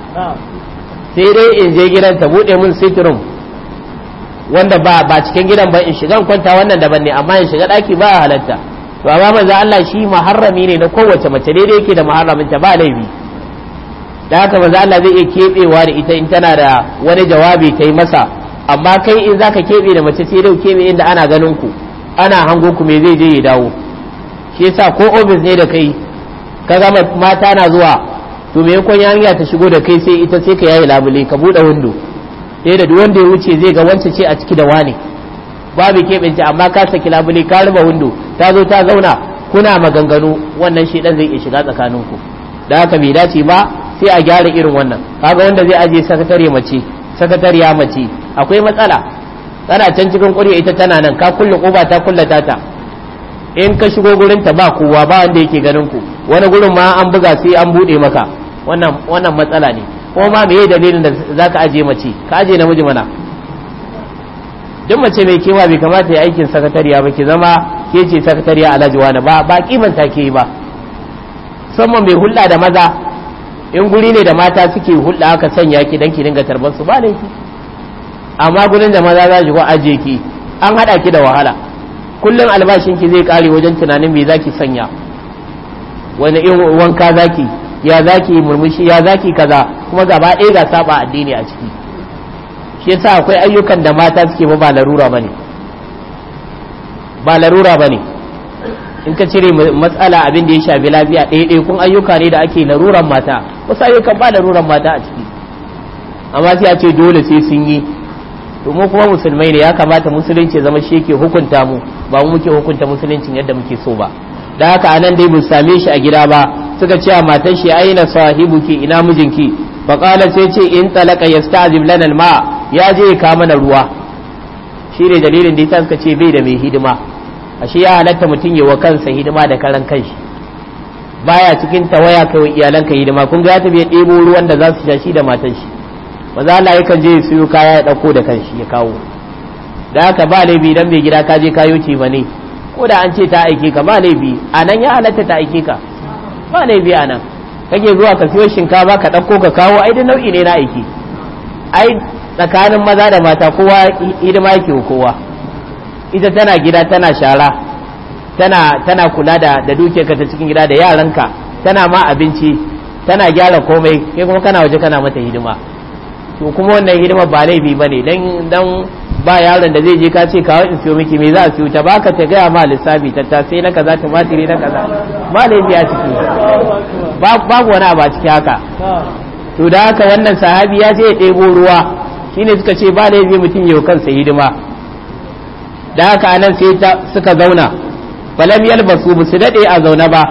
sai dai in je gidanta buɗe min sitirin wanda ba ba cikin gidan ba in shiga kwanta wannan daban ne amma in shiga ɗaki baya halatta to amma manzo Allah shi muharrami ne na kowace mace dai dai yake da muharramin ta ba laifi da haka manzo Allah zai iya kebewa da ita in tana da wani jawabi kai masa amma kai in zaka kebe da mace sai dai kebe inda ana ganin ku ana hango ku me zai je ya dawo shi yasa ko office ne da kai ka gama mata na zuwa to me yakon hanya ta shigo da kai sai ita sai ka yayi labule ka bude window sai da duk wanda ya wuce zai ga wance ce a ciki da wane babu keɓince amma ka saki labule ka ruba window ta zo ta zauna kuna maganganu wannan shi dan zai iya shiga ku da haka bai dace ba sai a gyara irin wannan kaga wanda zai aje sakatare mace sakatariya mace akwai matsala tana can cikin ƙuri'a ita tana nan ka kulle koba ta kullata ta in ka shigo gurin ta ba kowa ba wanda yake ganin ku wani gurin ma an buga sai an bude maka wannan wannan matsala ne kuma ma meye dalilin da zaka aje mace ka aje namiji mana duk mace mai kewa bai kamata ya aikin sakatariya ba ki zama ke ce sakatariya alhaji wani ba ba ta ke ba musamman mai hulɗa da maza in guri ne da mata suke hulɗa aka sanya ki dan ki dinga tarbar su ba laifi amma gurin da maza za ki ko aje ki an haɗa ki da wahala kullum albashin ki zai kare wajen tunanin me zaki sanya wani irin wanka zaki ya zaki murmushi ya zaki kaza kuma gaba ɗaya ga saba addini a ciki shi yasa akwai ayyukan da mata suke ba ba larura bane ba larura bane in ka cire matsala abin da ya shafi lafiya ɗaya kun ayyuka ne da ake laruran mata wasu ayyukan ba laruran mata a ciki amma sai a ce dole sai sun yi to mu kuma musulmai ne ya kamata musulunci zama shi yake hukunta mu ba mu muke hukunta musuluncin yadda muke so ba da haka anan dai bu same shi a gida ba suka ce matan shi aina sahibuki ina mijinki fa qala sai ce in talaka yasta'zib lana alma ya je ka mana ruwa shine dalilin da yasa suka ce bai da mai hidima ashe ya halatta mutum wa kansa hidima da karan kanshi baya cikin tawaya kai iyalanka hidima kun ga ta tafi ɗebo ruwan da za su sha shi da matan shi maza Allah yakan je siyo kaya ya dauko da kanshi ya kawo da haka ba laifi dan mai gida ka je kayo ci ba ne ko da an ce ta aike ka ba laifi a nan ya halatta ta aike ka ba laifi a nan kake zuwa ka siyo shinkafa ka ɗauko ka kawo ai da nau'i ne na aiki ai tsakanin maza da mata kowa hidima yake kowa ita tana gida tana shara tana kula da da dukiyarka ta cikin gida da ka tana ma abinci tana gyara komai kai kuma kana waje kana mata hidima to kuma wannan hidima ba laifi bane dan dan ba yaron da zai je ka ce kawo in siyo miki me za a siyo ta baka ta gaya ma lissafi ta sai na kaza tumatiri na kaza ba laifi biya ciki babu wani abu a ciki haka to da haka wannan sahabi ya je ya ɗebo ruwa shine suka ce ba laifi mutum yau kansa hidima da haka anan sai suka zauna falam yalbasu basu su daɗe a zaune ba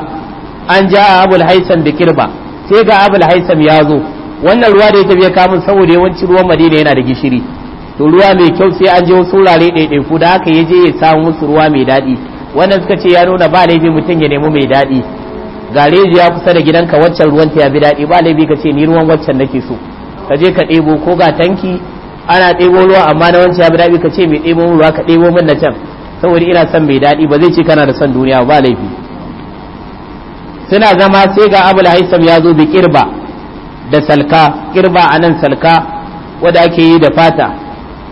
an ja abul haisam da kirba sai ga abul ya zo wannan ruwa da ya tafi kamun saboda yawanci ruwan madina yana da gishiri to ruwa mai kyau sai an je wasu wurare ɗaiɗaiku da haka ya je ya samu musu ruwa mai daɗi wannan suka ce ya nuna ba laifi mutum ya nemi mai daɗi ga ya kusa da gidanka waccan ruwan ta ya bi daɗi ba laifi ka ce ni ruwan waccan nake so ka je ka ɗebo ko ga tanki ana ɗebo ruwa amma na wancan ya bi daɗi ka ce mai ɗebo ruwa ka ɗebo min na can saboda ina son mai daɗi ba zai ce kana da son duniya ba laifi suna zama sai ga abul haisam ya zo bi kirba da salka kirba anan salka wanda ake yi da fata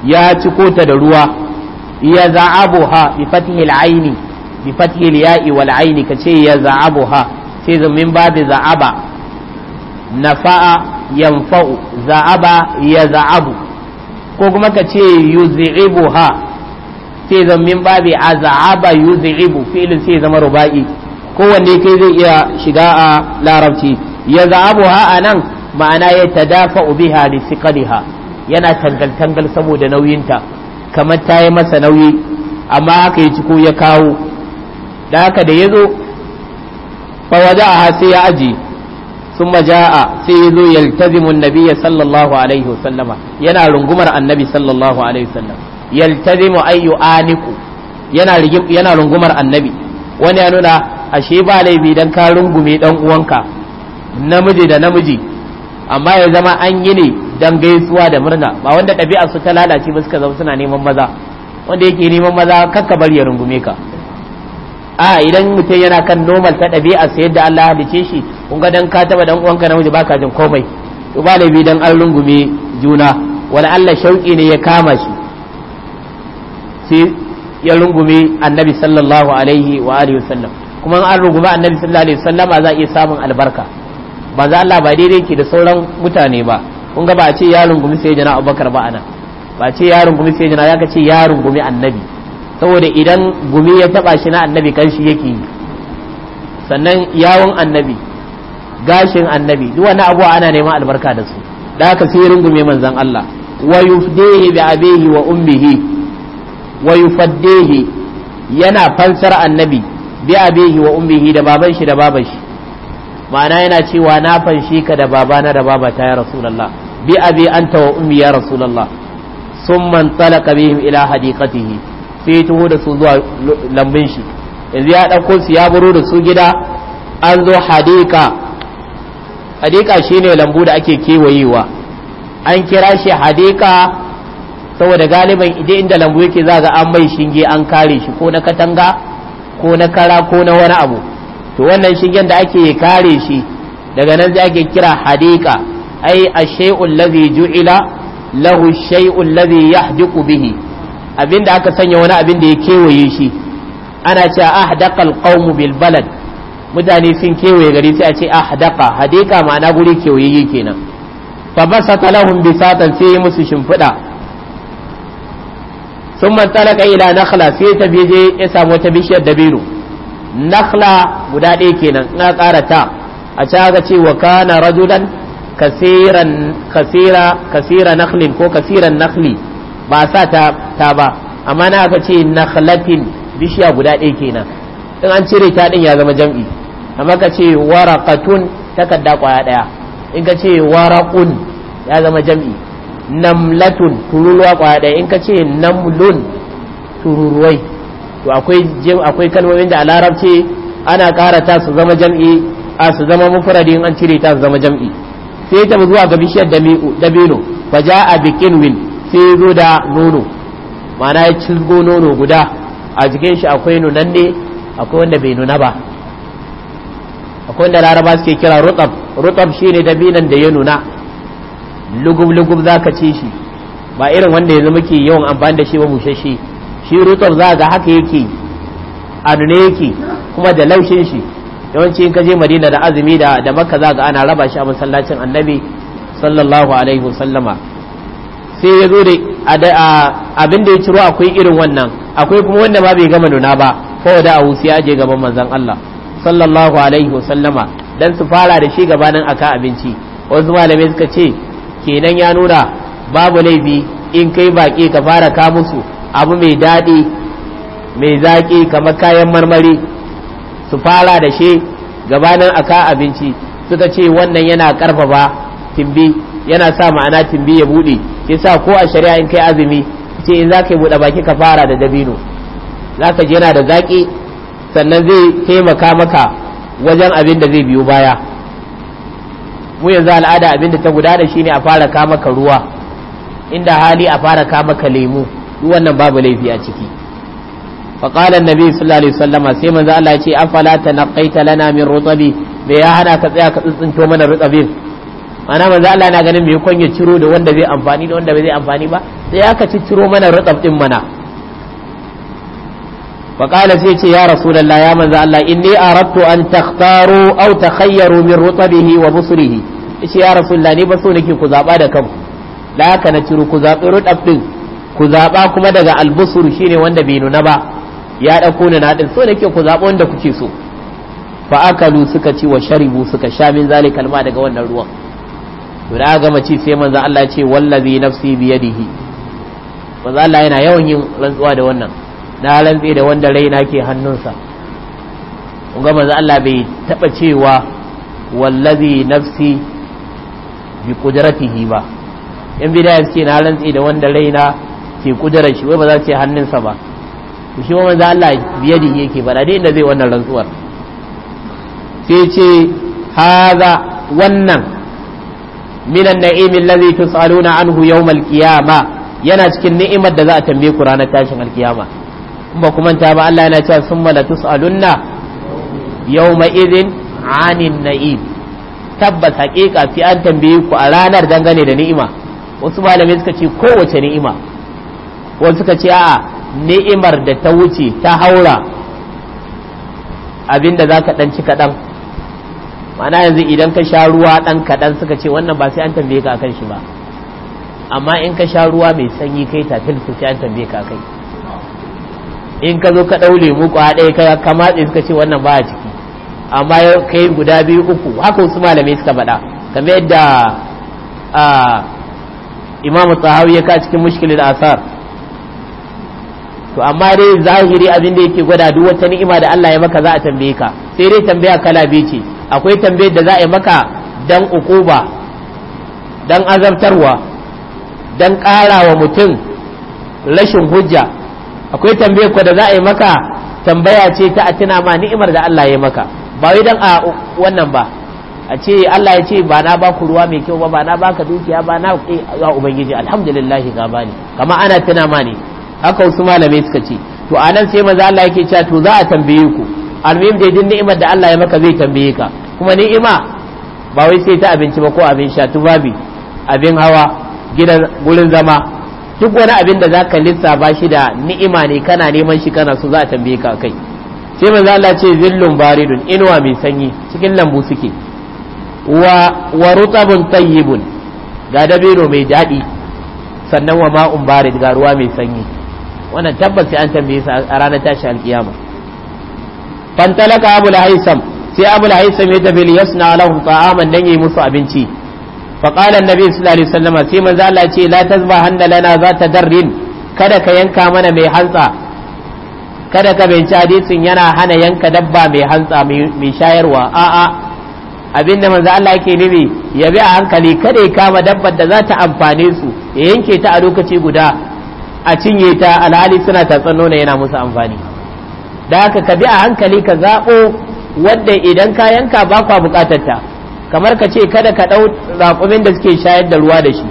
ya ciko ta da ruwa ya ha bi fathil aini bi fathil ya'i wal aini kace ya ha sai min babu za'aba nafa'a yanfa'u za'aba ya za'abu ko kuma kace ha sai zamin babu az'aba yuz'ibu fi'lin sai zama ruba'i kowanne kai zai iya shiga a larabci ya za'abuha anan ma'ana ya tadafa'u biha li siqadiha yana tangal-tangal saboda nauyinta kamar ta yi masa nauyi amma haka ya ciko ya kawo da haka da ya zo fawaza a sai ya aji sun maja'a sai ya zo yaltazimun nabiya sallallahu alaihi wasallama yana rungumar annabi sallallahu alaihi wasallam yaltazimu ayyu aniku yana rungumar annabi wani ya nuna ashe ba laifi dan ka rungume dan uwanka namiji da namiji amma ya zama an yi ne dan gaisuwa da murna ba wanda ɗabi'a su ta lalace ba suka zama suna neman maza wanda yake neman maza kakka bar ya rungume ka a idan mutum yana kan normal ta ɗabi'a sai yadda Allah dace shi kun ga dan ka taba dan uwanka namiji baka jin komai to ba laifi dan an rungume juna wani Allah shauki ne ya kama shi sai ya rungume annabi sallallahu alaihi wa alihi wasallam kuma an rungume annabi sallallahu alaihi wasallama za a iya samun albarka ba za Allah ba daidai ke da sauran mutane ba kun ga ba ce ya rungumi sai jana abubakar ba ana ba ce ya rungumi sai jana ya kace ce ya rungumi annabi saboda idan gumi ya taba shi na annabi kan shi yake yi sannan yawon annabi gashin annabi duk wani abu ana neman albarka da su da haka sai rungume manzon Allah wa yufdehi bi abihi wa ummihi wa yufaddihi yana fansar annabi bi abihi wa ummihi da baban shi da baban shi ma'ana yana cewa na fanshi ka da baba na da baba ta ya rasulullah bi abi anta wa ummi ya rasulullah summa talaka bihim ila hadiqatihi sai tuho da su zuwa lambin shi yanzu ya dauko su ya buro da su gida an zo hadika hadika shine lambu da ake kewayewa an kira shi hadika saboda galiban idan inda lambu yake za ga an mai shinge an kare shi ko na katanga ko na kara ko na wani abu to wannan shingen da ake kare shi daga nan zai ake kira hadika ai a shayu ju'ila lahu ash-shay'u allazi bihi abinda aka sanya wani abin da ya kewaye shi ana cewa ahdaqal qawmu bil balad mutane sun kewaye gari sai a ce ahdaqa hadika ma'ana guri kewaye kenan fa basata lahum bisatan sai musu shimfiɗa sun talaka ila nakhla sai ta bije ya samu wata bishiyar dabino nakhla guda ɗaya kenan na ƙara ta a ci ga ce wa kana rajulan kasira kasira nakhlin ko kasiran nakhli ba sa ta ta ba amma na ga ce nakhlatin bishiya guda ɗaya kenan in an cire ta din ya zama jam'i amma ka ce waraqatun takarda kwaya ɗaya in ka ce waraqun ya zama jam'i namlatun tururuwa kwaya ɗaya in ka ce namlun tururuwai to akwai akwai kalmomin da a larabci ana karata ta su zama jam'i a su zama mufradin an cire ta su zama jam'i sai ta zuwa ga bishiyar dabino fa a bikin win sai zo da nono ma'ana ya cizgo nono guda a jikin shi akwai ne akwai wanda bai nuna ba akwai wanda laraba suke kira rutab rutab shine dabinan da ya nuna lugub lugub zaka ci shi ba irin wanda yanzu muke yawan amfani da shi ba shi. shi rutar za ga haka yake adune yake kuma da laushin shi yawanci in ka je madina da azumi da da makka za ga ana raba shi a masallacin annabi sallallahu alaihi wasallama sai ya zo da abin da ya ciro akwai irin wannan akwai kuma wanda ba bai gama nuna ba ko da a wusi ya je gaban manzon Allah sallallahu alaihi wasallama dan su fara da shi gabanin aka abinci wasu malamai suka ce kenan ya nuna babu laifi in kai baki ka fara ka musu abu mai daɗi mai zaƙi kamar kayan marmari su fara da shi gabanin aka abinci suka ce wannan yana ƙarfafa timbi yana sa ma'ana timbi ya buɗe sa ko a shari'a in kai azumi ce in za ka yi buɗe baki ka fara da dabino za ka ji yana da zaƙi sannan zai taimaka maka wajen abin da zai biyo baya mu yanzu al'ada abin da ta guda da shi ne a fara kama ka ruwa inda hali a fara kama ka lemu wannan babu laifi a ciki faƙala nabi sallallahu alaihi wasallama sai manzo Allah ya ce afala tanqaita lana min rutabi me ya hana ka tsaya ka tsintsinto mana rutabin ana manzo Allah na ganin bai kwanya ciro da wanda zai amfani da wanda bai zai amfani ba sai aka cicciro mana rutab din mana faƙala sai ce ya rasulullah ya manzo Allah inni aradtu an takhtaru aw takhayyaru min rutabihi wa busrihi ce ya rasulullah ni ba so nake ku zaba da kanku da haka na ciro ku zaɓi rutab din ku zaɓa kuma daga albusur shine wanda bai nuna ba ya ɗauko na naɗin so da ke ku zaɓa wanda kuke so fa akalu suka ci wa sharibu suka sha min zali kalma daga wannan ruwan to da gama ci sai manzo Allah ya ce wallazi nafsi yadihi manzo Allah yana yawan yin rantsuwa da wannan na rantsi da wanda raina ke hannunsa kun ga manzo Allah bai taba cewa wallazi nafsi bi qudratihi ba yan bidaya suke na rantsi da wanda raina ke kudurar shi wai ba za su ce hannunsa ba to shi wa manzo Allah biyadihi yake ba dai inda zai wannan rantsuwar sai ce haza wannan من النعيم الذي تسألون عنه يوم القيامة yana cikin ni'imar da za a tambaye ku ranar tashin alkiyama in ba kuma ta ba Allah yana cewa summa la tusalunna yawma idhin anin na'im tabbas hakika fi an tambaye ku a ranar dangane da ni'ima wasu malamai suka ce kowace ni'ima wani suka ce a ni'imar da ta wuce ta haura abinda za ka ɗanci kaɗan mana yanzu idan ka sha ruwa ɗan kaɗan suka ce wannan ba sai an tambaye ka kan shi ba amma in ka sha ruwa mai sanyi kai ta su sai an tambaye ka kai in ka zo ka ɗau lemu kwa ɗaya ka ka matse suka ce wannan ba a ciki amma kai guda biyu uku haka wasu malamai suka faɗa kamar yadda ah, imamu tsahawi ya ka cikin mushkilin asar to amma dai zahiri abin da yake gwada duk wata ni'ima da Allah ya maka za a tambaye ka sai dai tambaya kala biyu ce akwai tambayar da za a yi maka dan ukuba dan azabtarwa dan karawa mutum rashin hujja akwai tambayar ko da za a yi maka tambaya ce ta a tuna ma ni'imar da Allah ya maka ba wai dan a wannan ba a ce Allah ya ce ba na ba ku ruwa mai kyau ba ba na ka dukiya ba na eh, ya ubangiji alhamdulillah ga bani kama ana tuna ma ne haka wasu malamai suka ce to anan sai maza Allah yake cewa to za a tambaye ku almuhim dai din ni'imar da Allah ya maka zai tambaye ka kuma ni'ima ba wai sai ta abinci ba ko abin sha tubabi abin hawa gidan gurin zama duk wani abin da zaka ba shi da ni'ima ne kana neman shi kana so za a tambaye ka kai sai manzo Allah ce zillun baridun inuwa mai sanyi cikin lambu suke wa wa rutabun tayyibun ga dabiro mai daɗi sannan wa ma'un barid ga ruwa mai sanyi wannan tabbas sai an tambaye sa a ranar tashi alkiyama fantalaka Abulhaisam haisam sai abul haisam ya tafi liyasna lahum ta'aman dan yi musu abinci fa qala annabi sallallahu alaihi wasallam sai manzo Allah ce la tazbahanna zata darrin kada ka yanka mana mai hantsa kada ka binci hadisin yana hana yanka dabba mai hantsa mai shayarwa a'a abin da manzo Allah yake nufi ya bi a hankali kada ya kama dabbar da za ta amfane su ya yanke ta a lokaci guda a cinye ta alhali suna tatsan nono yana musu amfani da haka ka bi a hankali ka zaɓo wadda idan ka yanka ba kwa buƙatar ta kamar ka ce kada ka ɗau raƙumin da suke shayar da ruwa da shi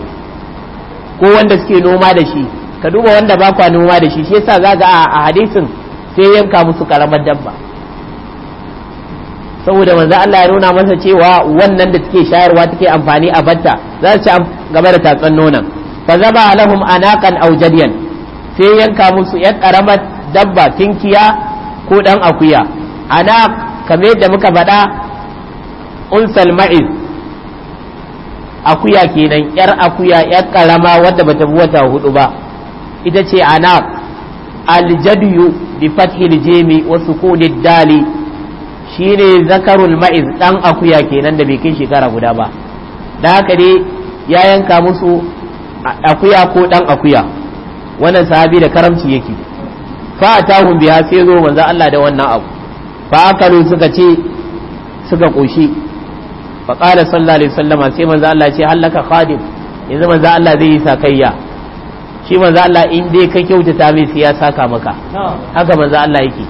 ko wanda suke noma da shi ka duba wanda ba kwa noma da shi shi yasa za ga a hadisin sai yanka musu karamar dabba saboda manzo Allah ya nuna masa cewa wannan da take shayarwa take amfani a batta za su ci gaba da tatsan nonan fa zaba lahum anaqan aw jadiyan sai yanka musu yan ƙaramar dabba tinkiya ko ɗan akuya ana kame da muka faɗa unsal ma'iz akuya kenan yar akuya yar ƙarama wadda bata bi wata hudu ba ita ce ana aljadiyu bi fathil jimi wa sukunid dali shine zakarul ma'iz ɗan akuya kenan da bai kai shekara guda ba da haka dai ya yanka musu akuya ko ɗan akuya wannan sahabi da karamci yake fa atahum biya sai zo manzo Allah da wannan abu fa akalu suka ce suka koshi fa qala sallallahu alaihi wasallama sai manzo Allah ce halaka khadim yanzu manzo Allah zai yi sakayya shi manzo Allah in dai ka kyautata mai sai ya maka haka manzo Allah yake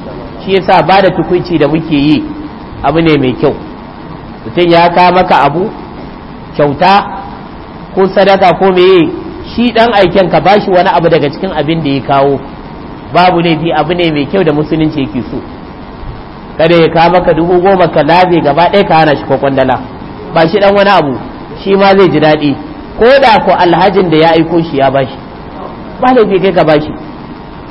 shi yasa ba da tukunci da muke yi abu ne mai kyau mutum ya ka maka abu kyauta ko sadaka ko meye shi ɗan aiken ka bashi wani abu daga cikin abin da ya kawo babu laifi abu ne mai kyau da musulunci yake so kada ya kawo maka dubu goma ka labe gaba ɗaya ka hana shi kwandala ba shi dan wani abu shi ma zai ji daɗi ko da ko alhajin da ya aiko shi ya bashi ba laifi kai ka bashi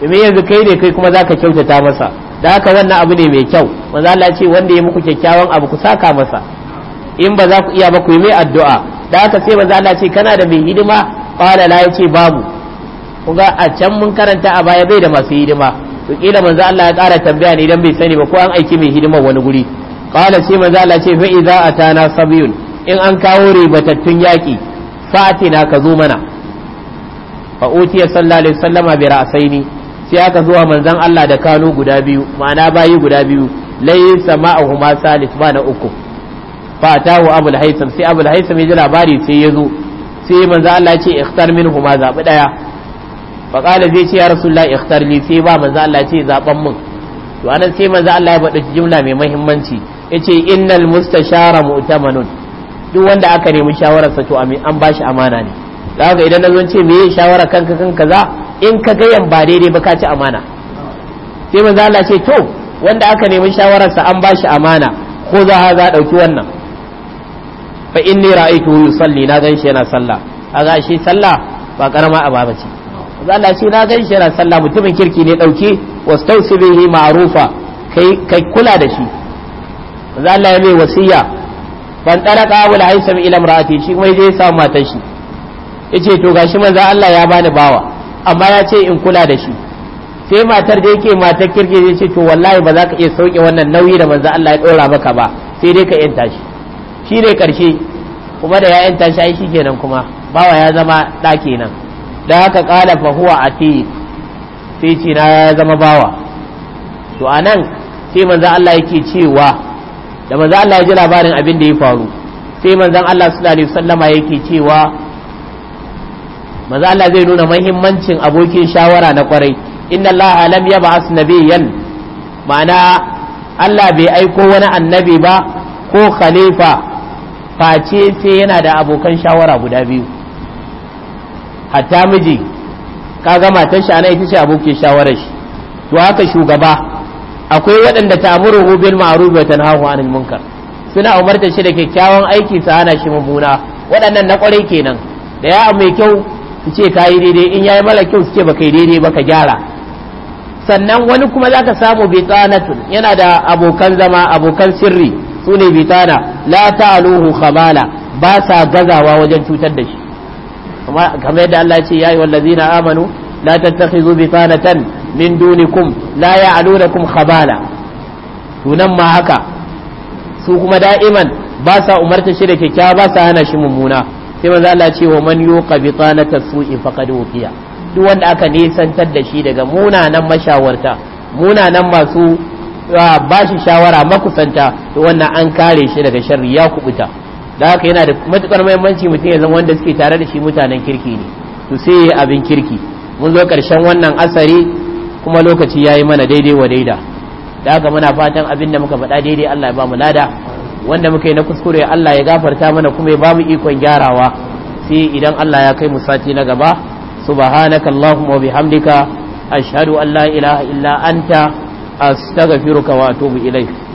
domin yanzu kai ne kai kuma za ka kyautata masa da haka wannan abu ne mai kyau manzo Allah ce wanda ya muku kyakkyawan abu ku saka masa in ba za ku iya ba ku yi mai addu'a da haka sai manzo Allah ce kana da mai hidima qala la ce babu kuga a can mun karanta a baya bai da masu hidima to kila manzo Allah ya ƙara tambaya ne dan bai sani ba ko an aiki mai hidima wani guri qala sai manzo Allah ce fa idza atana sabiyun in an kawo ribatattun yaki fatina ka zo mana fa utiya sallallahu alaihi wasallama bi ra'saini sai aka zo wa manzon Allah da kano guda biyu ma'ana bayi guda biyu laysa ma'ahuma salis ba na uku fa tawo abul haisam sai abul haisam ya ji labari sai ya zo sai manzo Allah ce ikhtar min ma zabi daya fa qala zai ce ya rasulullah ikhtar li sai ba manzo Allah ce zaban mun to anan sai manzo Allah ya bada jumla mai muhimmanci yace innal mustashara mu'tamanun duk wanda aka nemi shawarar sa to an bashi amana ne zaka idan nazo ce me shawara kanka kan kaza in ka ga yan ba daidai ba ka ci amana sai manzo Allah ce to wanda aka nemi shawarar sa an bashi amana ko za a dauki wannan fa inni ra'aytu yusalli na ganshi yana sallah kaga shi sallah ba karama aba bace kaza Allah shi na ganshi yana sallah mutumin kirki ne dauke wastausi bihi ma'rufa kai kai kula da shi kaza Allah ya mai wasiya ban taraka abul haisam ila imraati shi kuma yaje sa matar shi yace to gashi manzo Allah ya bani bawa amma ya ce in kula da shi sai matar da yake matar kirki zai ce to wallahi ba za ka iya sauke wannan nauyi da manzo Allah ya dora maka ba sai dai ka yanta shi shi ne ƙarshe kuma da ya'yan ta shayi shi kenan kuma bawa ya zama ɗaki nan da haka ƙala fa huwa atiq sai na ya zama bawa to a nan sai manzo Allah yake cewa da manzo Allah ya ji labarin abin da ya faru sai manzon Allah sallallahu alaihi wasallama yake cewa manzo Allah zai nuna muhimmancin abokin shawara na kwarai inna Allah lam yab'as nabiyyan ma'ana Allah bai aiko wani annabi ba ko khalifa face sai yana da abokan shawara guda biyu hatta miji kaga matar shi ana ita ce abokin shawarar shi to haka shugaba akwai waɗanda ta'muru bil ma'ruf wa tanhahu 'anil munkar suna umarta shi da kyakkyawan aiki sa hana shi mabuna waɗannan na ƙwarai kenan da ya mai kyau su ce ka yi daidai in ya yi mara kyau su ce baka yi daidai baka gyara sannan wani kuma zaka ka samu bitsanatun yana da abokan zama abokan sirri sune ne bitana la ta'aluhu khabala ba sa gazawa wajen cutar da shi kamar yadda Allah ce yayi na amanu la tattakhizu tan min dunikum la ya'lunakum khabala tunan ma haka su kuma da'iman ba sa umarta shi da kyakkyawa ba sa hana shi mummuna sai manzo Allah ce wa man yuqa bitanata su'i faqad wuqiya duk wanda aka nisantar da shi daga munanan mashawarta munanan masu ba shi shawara makusanta to wannan an kare shi daga sharri ya kubuta da haka yana da matukar muhimmanci mutum ya zama wanda suke tare da shi mutanen kirki ne to sai ya abin kirki mun zo karshen wannan asari kuma lokaci ya yi mana daidai wa daida da haka muna fatan abin da muka faɗa daidai Allah ya ba mu lada wanda muka yi na kuskure Allah ya gafarta mana kuma ya ba mu ikon gyarawa sai idan Allah ya kai mu sati na gaba subhanakallahumma wa bihamdika ashhadu an la ilaha illa anta astaghfiruka wa atubu ilaik